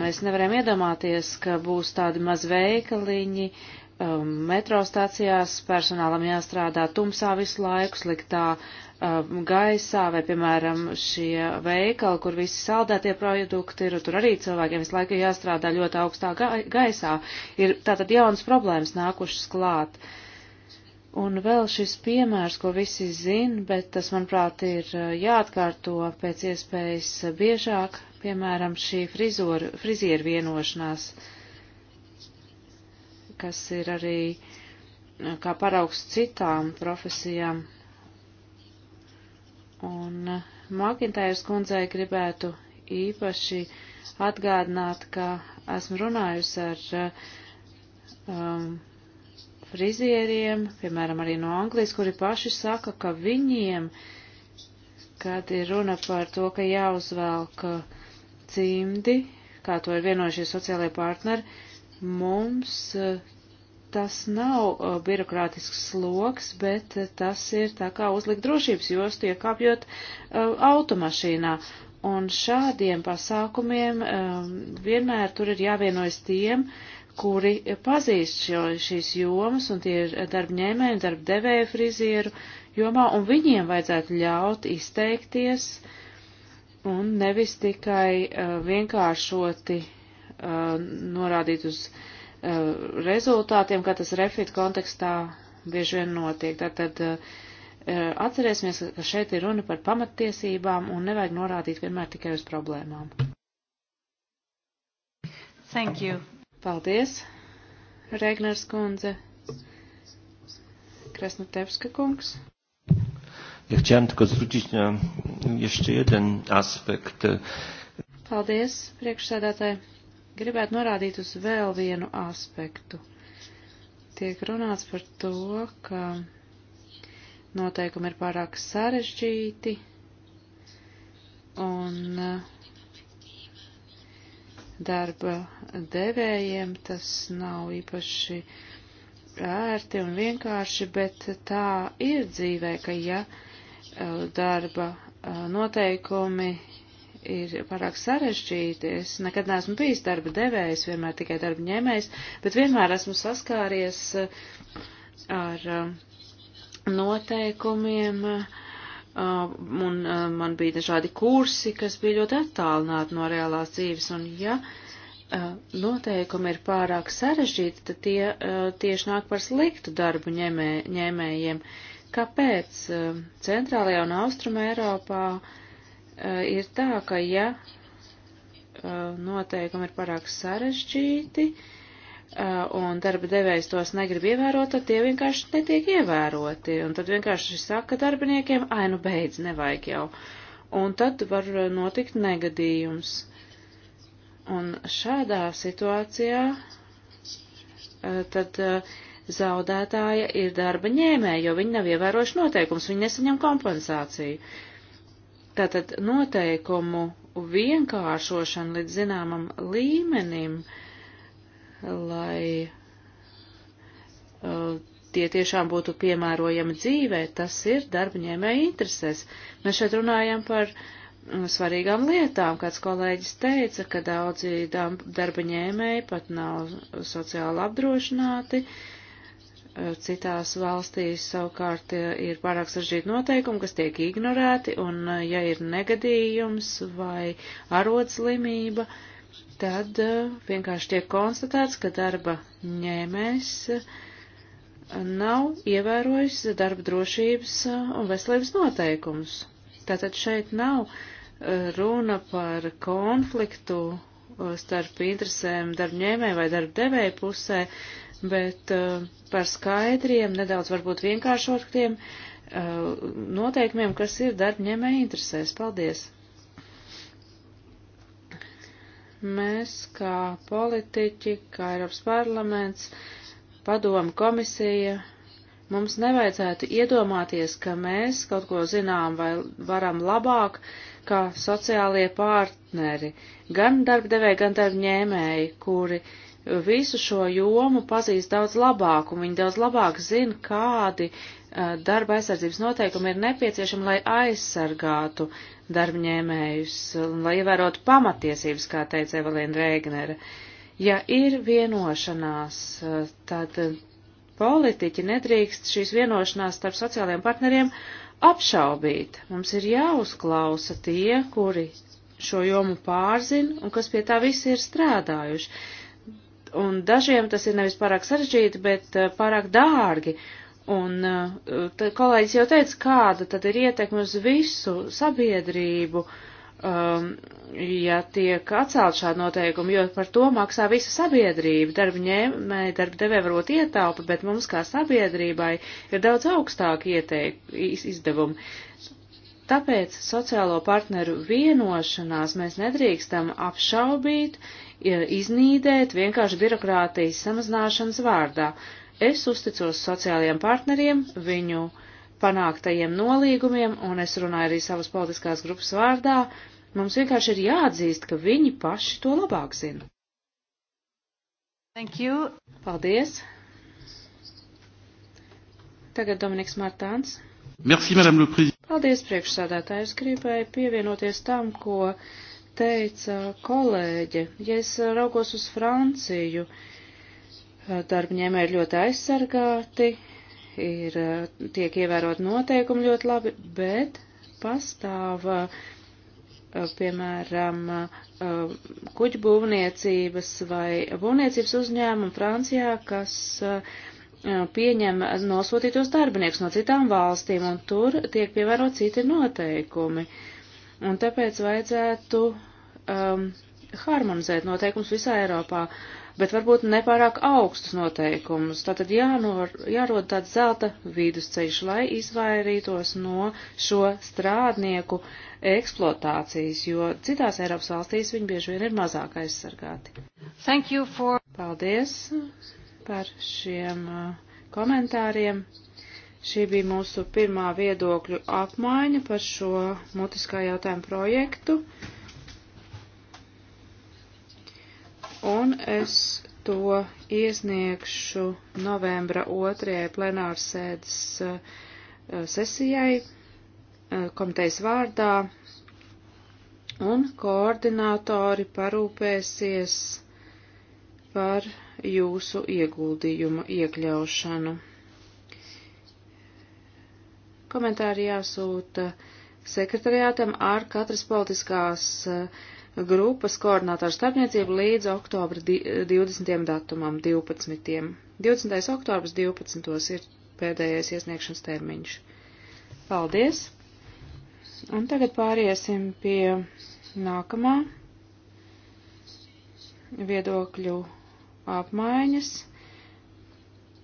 mēs nevarējām iedomāties, ka būs tādi mazveikaliņi, uh, um, metro stācijās personālam jāstrādā tumsā visu laiku, sliktā um, gaisā, vai, piemēram, šie veikali, kur visi saldētie produkti ir, tur arī cilvēkiem visu laiku jāstrādā ļoti augstā ga gaisā. Ir tātad jaunas problēmas nākušas klāt. Un vēl šis piemērs, ko visi zin, bet tas, manuprāt, ir uh, jāatkārto pēc iespējas biežāk, piemēram, šī frizieru vienošanās. Uh, kas ir arī eh, kā paraugs citām profesijām. Un eh, Makintēras kundzei gribētu īpaši atgādināt, ka esmu runājusi ar eh, um, frizieriem, piemēram, arī no Anglijas, kuri paši saka, ka viņiem, kad ir runa par to, ka jāuzvelk cimdi, kā to ir vienojušies sociālajie partneri, Mums eh, tas nav eh, birokrātisks sloks, bet eh, tas ir tā kā uzlikt drošības jostu, iekāpjot automašīnā. Un šādiem pasākumiem vienmēr tur ir jāvienojas tiem, kuri pazīst šo, šīs jomas, un tie ir darbņēmēji, darbdevēji frizieru jomā, un viņiem vajadzētu ļaut izteikties, un nevis tikai vienkāršoti Uh, norādīt uz uh, rezultātiem, kā tas refit kontekstā bieži vien notiek. Tātad uh, atcerēsimies, ka šeit ir runa par pamattiesībām un nevajag norādīt vienmēr tikai uz problēmām. Thank you. Paldies, Regners kundze. Krasnotevska kungs. Ja chciałem tylko zwrócić na jeszcze jeden aspekt. Paldies, priekšsēdētāji. Gribētu norādīt uz vēl vienu aspektu. Tiek runāts par to, ka noteikumi ir pārāk sarežģīti un uh, darba devējiem tas nav īpaši ērti un vienkārši, bet tā ir dzīvē, ka ja uh, darba uh, noteikumi ir pārāk sarežģīti. Es nekad neesmu bijis darba devējs, vienmēr tikai darba ņēmējs, bet vienmēr esmu saskāries eh, ar eh, noteikumiem, eh, un man bija dažādi kursi, kas bija ļoti attālināti no reālās dzīves, un ja noteikumi ir pārāk sarežģīti, tad tie tieši nāk par sliktu darbu ņēmē, ņēmējiem. Kāpēc centrālajā un austruma Eiropā uh, ir tā, ka ja noteikumi ir pārāk sarežģīti un darba devējs tos negrib ievērot, tad tie vienkārši netiek ievēroti. Un tad vienkārši saka darbiniekiem, ai nu beidz, nevajag jau. Un tad var notikt negadījums. Un šādā situācijā tad zaudētāja ir darba ņēmēja, jo viņi nav ievērojuši noteikums, viņi nesaņem kompensāciju. Tātad noteikumu vienkāršošana līdz zināmam līmenim, lai uh, tie tiešām būtu piemērojami dzīvē, tas ir darbņēmēja interesēs. Mēs šeit runājam par mm, svarīgām lietām. Kāds kolēģis teica, ka daudzi darbaņēmēji pat nav sociāli apdrošināti, uh, Citās valstīs savukārt ir pārāk sažģīti noteikumi, kas tiek ignorēti, un eh, ja ir negadījums vai arodslimība, tad eh, vienkārši tiek konstatēts, ka darba ņēmējs eh, nav ievērojis darba drošības un veselības noteikumus. Tātad šeit nav runa par konfliktu starp interesēm darbņēmē vai darbdevēja pusē, bet uh, par skaidriem, nedaudz varbūt vienkāršotiem uh, noteikumiem, kas ir darbņēmē interesēs. Paldies! Mēs, kā politiķi, kā Eiropas parlaments, padomu komisija, mums nevajadzētu iedomāties, ka mēs kaut ko zinām vai varam labāk kā sociālie partneri, gan darbdevēji, gan darbņēmēji, kuri uh, visu šo jomu pazīst daudz labāk, un viņi daudz labāk zina, kādi uh, darba aizsardzības noteikumi ir nepieciešami, lai aizsargātu darbņēmējus, lai ievērotu pamatiesības, kā teica Evelīna Rēgnere. Ja ir vienošanās, uh, tad politiķi nedrīkst šīs vienošanās starp sociālajiem partneriem apšaubīt. Mums ir jāuzklausa tie, kuri šo jomu pārzina un kas pie tā visi ir strādājuši un dažiem tas ir nevis pārāk sarežģīti, bet eh, pārāk dārgi. Un eh, tad kolēģis jau teica, kāda tad ir ietekme uz visu sabiedrību, um, ja tiek atcelt šādi noteikumi, jo par to maksā visa sabiedrība. Darba ņēmēji, darba devē varbūt ietaupa, bet mums kā sabiedrībai ir daudz augstāki izdevumi. Tāpēc sociālo partneru vienošanās mēs nedrīkstam apšaubīt, uh, iznīdēt vienkārši birokrātijas samazināšanas vārdā. Es uzticos sociālajiem partneriem, viņu panāktajiem nolīgumiem, un es runāju arī savas politiskās grupas vārdā. Mums vienkārši ir jāatzīst, ka viņi paši to labāk zina. Thank you. Paldies. Tagad Dominiks Martāns. Merci, Madame le Président. Paldies, priekšsādātājs. Gribēju pievienoties tam, ko teica kolēģe, ja es raugos uz Franciju, darbņēmē ir ļoti aizsargāti, ir, tiek ievērot noteikumi ļoti labi, bet pastāv, piemēram, kuģu būvniecības vai būvniecības uzņēmumu Francijā, kas pieņem nosūtītos darbiniekus no citām valstīm, un tur tiek pievērot citi noteikumi. Un tāpēc vajadzētu um, harmonizēt noteikumus visā Eiropā, bet varbūt nepārāk augstus noteikumus. Tātad jānor, jārod tāds zelta vidusceļš, lai izvairītos no šo strādnieku eksploatācijas, jo citās Eiropas valstīs viņi bieži vien ir mazāk aizsargāti. Thank you for... Paldies par šiem uh, komentāriem. Šī bija mūsu pirmā viedokļu apmaiņa par šo mutiskā jautājuma projektu. un es to iesniegšu novembra otrajai plenārsēdes eh, sesijai eh, komitejas vārdā, un koordinātori parūpēsies par jūsu ieguldījumu iekļaušanu. Komentāri jāsūta sekretariātam ar katras politiskās uh, grupas koordinātoru starpniecību līdz oktobra 20. datumam 12. 20. oktobrs 12. ir pēdējais iesniegšanas termiņš. Paldies! Un tagad pāriesim pie nākamā viedokļu apmaiņas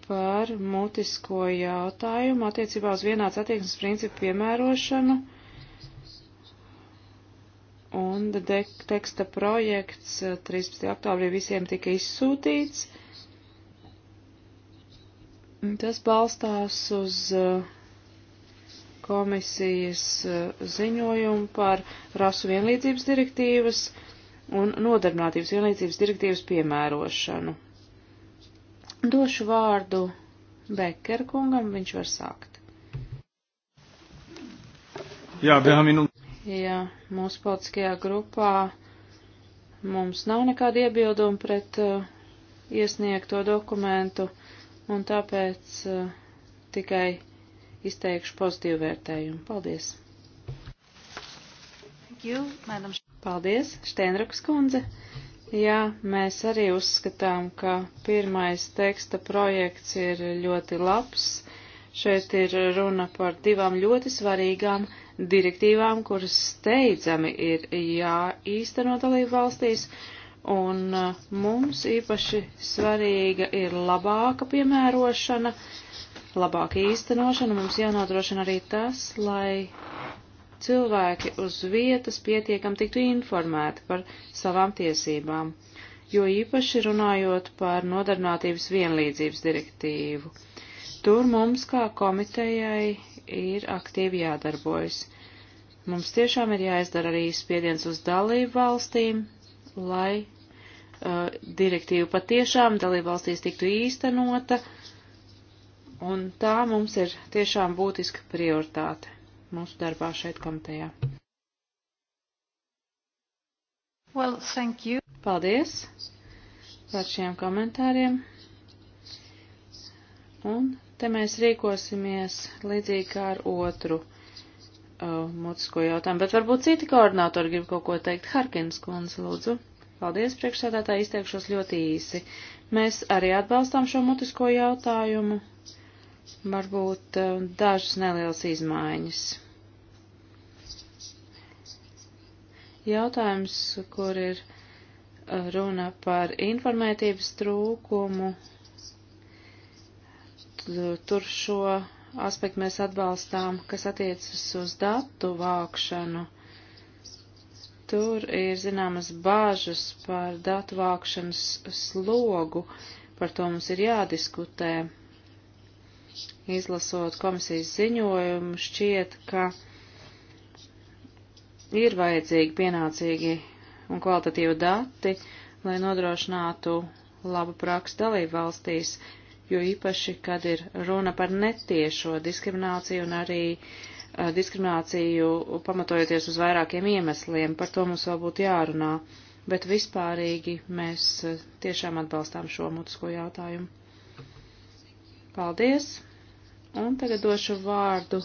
par mutisko jautājumu attiecībā uz vienāds attieksmes principu piemērošanu un teksta projekts 13. Eh, oktobrī visiem tika izsūtīts. Tas balstās uz eh, komisijas eh, ziņojumu par rasu vienlīdzības direktīvas un nodarbinātības vienlīdzības direktīvas piemērošanu. Došu vārdu Becker kungam, viņš var sākt. Jā, wir haben ihn um ja mūsu politiskajā grupā mums nav nekāda iebilduma pret uh, iesniegto dokumentu, un tāpēc uh, tikai izteikšu pozitīvu vērtējumu. Paldies! You, Paldies, Štēnrakas kundze! Jā, mēs arī uzskatām, ka pirmais teksta projekts ir ļoti labs. Šeit ir runa par divām ļoti svarīgām direktīvām, kuras steidzami ir jāīsteno dalību valstīs, un uh, mums īpaši svarīga ir labāka piemērošana, labāka īstenošana. Mums jānodrošina arī tas, lai cilvēki uz vietas pietiekam tiktu informēti par savām tiesībām, jo īpaši runājot par nodarbinātības vienlīdzības direktīvu. Tur mums kā komitejai ir aktīvi jādarbojas. Mums tiešām ir jāizdara arī spiediens uz dalību valstīm, lai uh, direktīva patiešām dalību valstīs tiktu īstenota, un tā mums ir tiešām būtiska prioritāte mūsu darbā šeit komitejā. Well, thank you. Paldies par šiem komentāriem. Un Te mēs rīkosimies līdzīgi kā ar otru uh, mutisko jautājumu, bet varbūt citi koordinātori grib kaut ko teikt. Harkins kundze, lūdzu. Paldies, priekšsēdētāji, izteikšos ļoti īsi. Mēs arī atbalstām šo mutisko jautājumu. Varbūt uh, dažas nelielas izmaiņas. Jautājums, kur ir uh, runa par informētības trūkumu tur šo aspektu mēs atbalstām, kas attiecas uz datu vākšanu. Tur ir zināmas bāžas par datu vākšanas slogu, par to mums ir jādiskutē. Izlasot komisijas ziņojumu, šķiet, ka ir vajadzīgi pienācīgi un kvalitatīvi dati, lai nodrošinātu labu praksu dalību valstīs, jo īpaši, kad ir runa par netiešo diskrimināciju un arī uh, diskrimināciju pamatojoties uz vairākiem iemesliem. Par to mums vēl būtu jārunā, bet vispārīgi mēs uh, tiešām atbalstām šo mutisko jautājumu. Paldies! Un tagad došu vārdu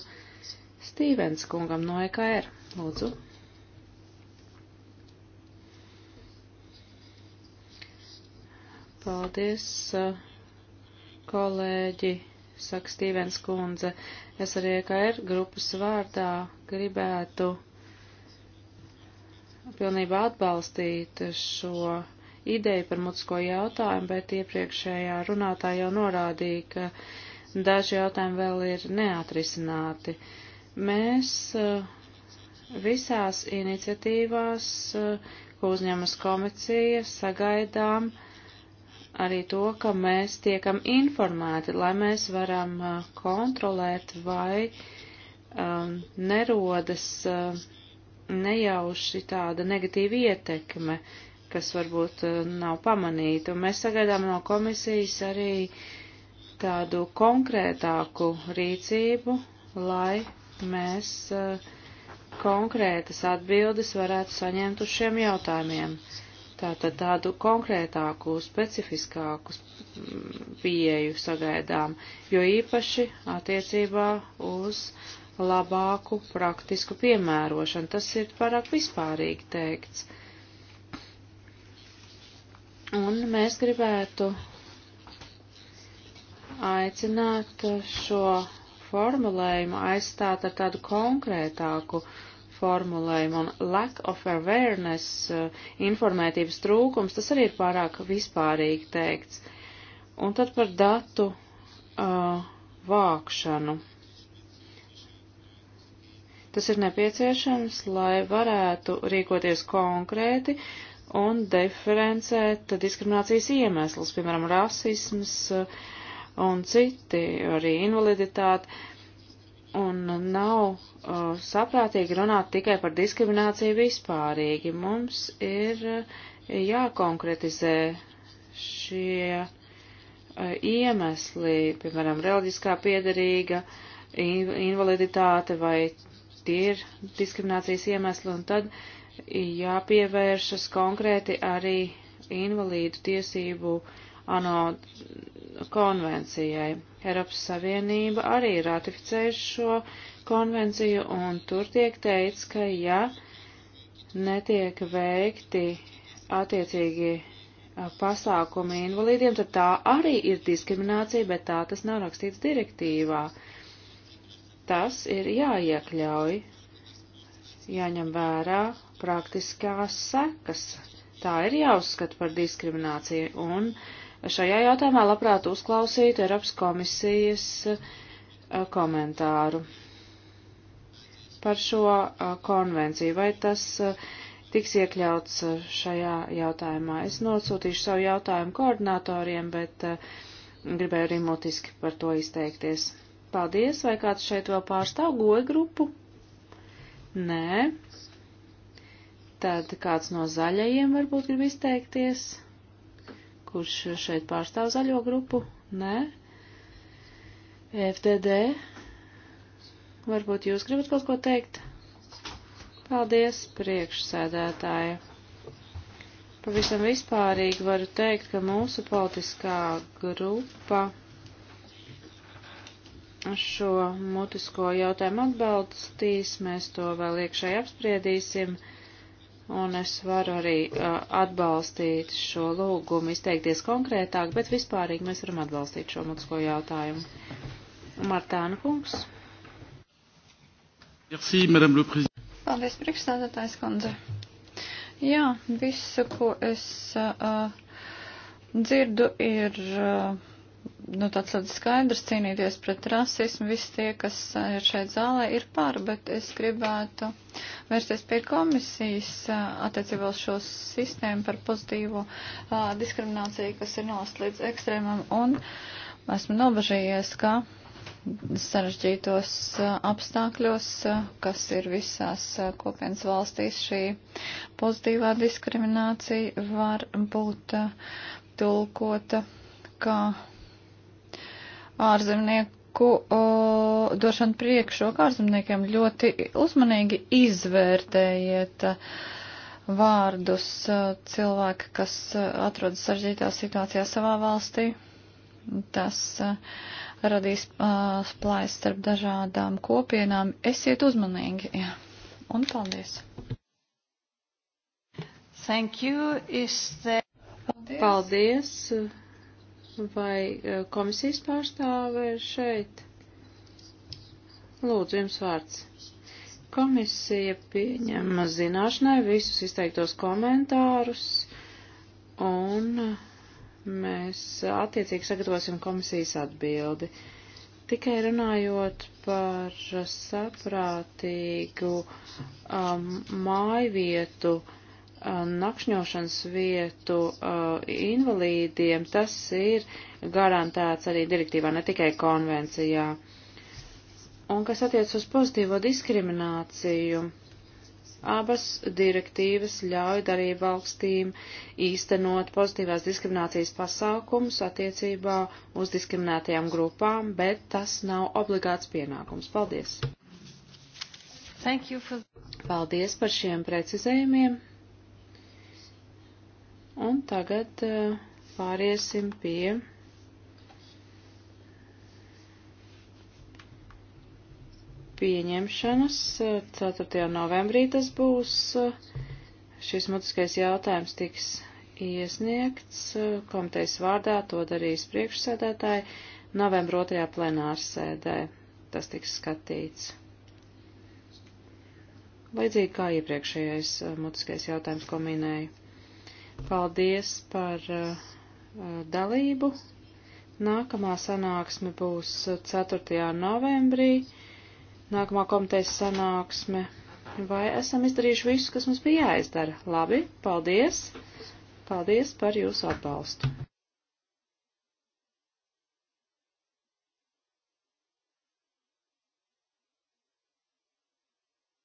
Stīvens kungam no EKR. Lūdzu! Paldies! Uh, kolēģi, saka Stīvens kundze, es arī EKR grupas vārdā gribētu pilnībā atbalstīt šo ideju par mutisko jautājumu, bet iepriekšējā runātā jau norādīja, ka daži jautājumi vēl ir neatrisināti. Mēs eh, visās iniciatīvās, eh, ko uzņemas komisija, sagaidām, uh, arī to, ka mēs tiekam informēti, lai mēs varam uh, kontrolēt, vai um, nerodas uh, nejauši tāda negatīva ietekme, kas varbūt uh, nav pamanīta. Un mēs sagaidām no komisijas arī tādu konkrētāku rīcību, lai mēs uh, konkrētas atbildes varētu saņemt uz šiem jautājumiem. Uh, Tātad tādu konkrētāku, specifiskāku pieeju sagaidām, jo īpaši attiecībā uz labāku praktisku piemērošanu. Tas ir pārāk vispārīgi teikts. Un mēs gribētu aicināt šo formulējumu aizstāt ar tādu konkrētāku uh, formulējumu un lack of awareness, eh, informētības trūkums, tas arī ir pārāk vispārīgi teikts. Un tad par datu uh, vākšanu. Tas ir nepieciešams, lai varētu rīkoties konkrēti un diferencēt diskriminācijas iemeslus, piemēram, rasisms eh, un citi, arī invaliditāte. Uh, un nav uh, saprātīgi runāt tikai par diskrimināciju vispārīgi. Mums ir uh, jākonkretizē šie uh, iemesli, piemēram, reliģiskā piedarīga, in invaliditāte vai tie ir diskriminācijas iemesli, un tad jāpievēršas konkrēti arī invalīdu tiesību ANO konvencijai. Eiropas Savienība arī ir ratificējusi šo konvenciju, un tur tiek teikts, ka ja netiek veikti attiecīgi pasākumi invalīdiem, tad tā arī ir diskriminācija, bet tā tas nav rakstīts direktīvā. Tas ir jāiekļauj, jāņem vērā praktiskās sekas. Tā ir jāuzskata par diskrimināciju, un uh, šajā jautājumā labprāt uzklausītu Eiropas komisijas eh, komentāru par šo eh, konvenciju. Vai tas eh, tiks iekļauts šajā jautājumā? Es nosūtīšu savu jautājumu koordinatoriem, bet gribēju arī mutiski par to izteikties. Paldies, vai kāds šeit vēl pārstāv goja grupu? Nē. Tad kāds no zaļajiem varbūt grib izteikties? kurš šeit pārstāv zaļo grupu? Nē. FDD. Varbūt jūs gribat kaut ko teikt? Paldies, priekšsēdētāji. Pavisam vispārīgi varu teikt, ka mūsu politiskā grupa šo mutisko jautājumu atbalstīs, mēs to vēl iekšēji apspriedīsim un es varu arī uh, atbalstīt šo lūgumu, izteikties konkrētāk, bet vispārīgi mēs varam atbalstīt šo mutisko jautājumu. Martāna kungs. Merci, Paldies, priekšstādātājs kundze. Jā, visu, ko es uh, dzirdu, ir. Uh, nu, tāds ļoti skaidrs cīnīties pret rasismu. Visi tie, kas ir šeit zālē, ir par, bet es gribētu vērsties pie komisijas attiecībā uz šo sistēmu par pozitīvo uh, diskrimināciju, kas ir nost līdz ekstrēmam. Un esmu nobažījies, ka sarežģītos apstākļos, kas ir visās kopienas valstīs, šī pozitīvā diskriminācija var būt tulkota kā ārzemnieku uh, došanu priekšroku ārzemniekiem ļoti uzmanīgi izvērtējiet e, vārdus e, cilvēki, kas e, atrodas saržģītā situācijā savā valstī. Tas radīs splājas starp dažādām kopienām. Esiet uzmanīgi. Jā. Un paldies. Thank you. Is there... Paldies. paldies. Vai e, komisijas pārstāve ir šeit? Lūdzu, jums vārds. Komisija pieņem zināšanai visus izteiktos komentārus, un mēs attiecīgi sagatavosim komisijas atbildi. Tikai runājot par saprātīgu um, mājvietu, uh, Um, nakšņošanas vietu uh, invalīdiem, tas ir garantēts arī direktīvā, ne tikai konvencijā. Un kas attiec uz pozitīvo diskrimināciju, abas direktīvas ļauj darību valstīm īstenot pozitīvās diskriminācijas pasākums attiecībā uz diskriminētajām grupām, bet tas nav obligāts pienākums. Paldies! For... Paldies par šiem precizējumiem! Un tagad eh, pāriesim pie. Pieņemšanas 4. novembrī tas būs. Šis mutiskais jautājums tiks iesniegts komitejas vārdā, to darīs priekšsēdētāji novembra 2. plenārsēdē. Tas tiks skatīts. Līdzīgi kā iepriekšējais eh, mutiskais jautājums, ko minēju. Paldies par uh, uh, dalību. Nākamā sanāksme būs 4. Uh, novembrī. Nākamā komitejas sanāksme. Vai esam izdarījuši visu, kas mums bija jāizdara? Labi, paldies! Paldies par jūsu atbalstu!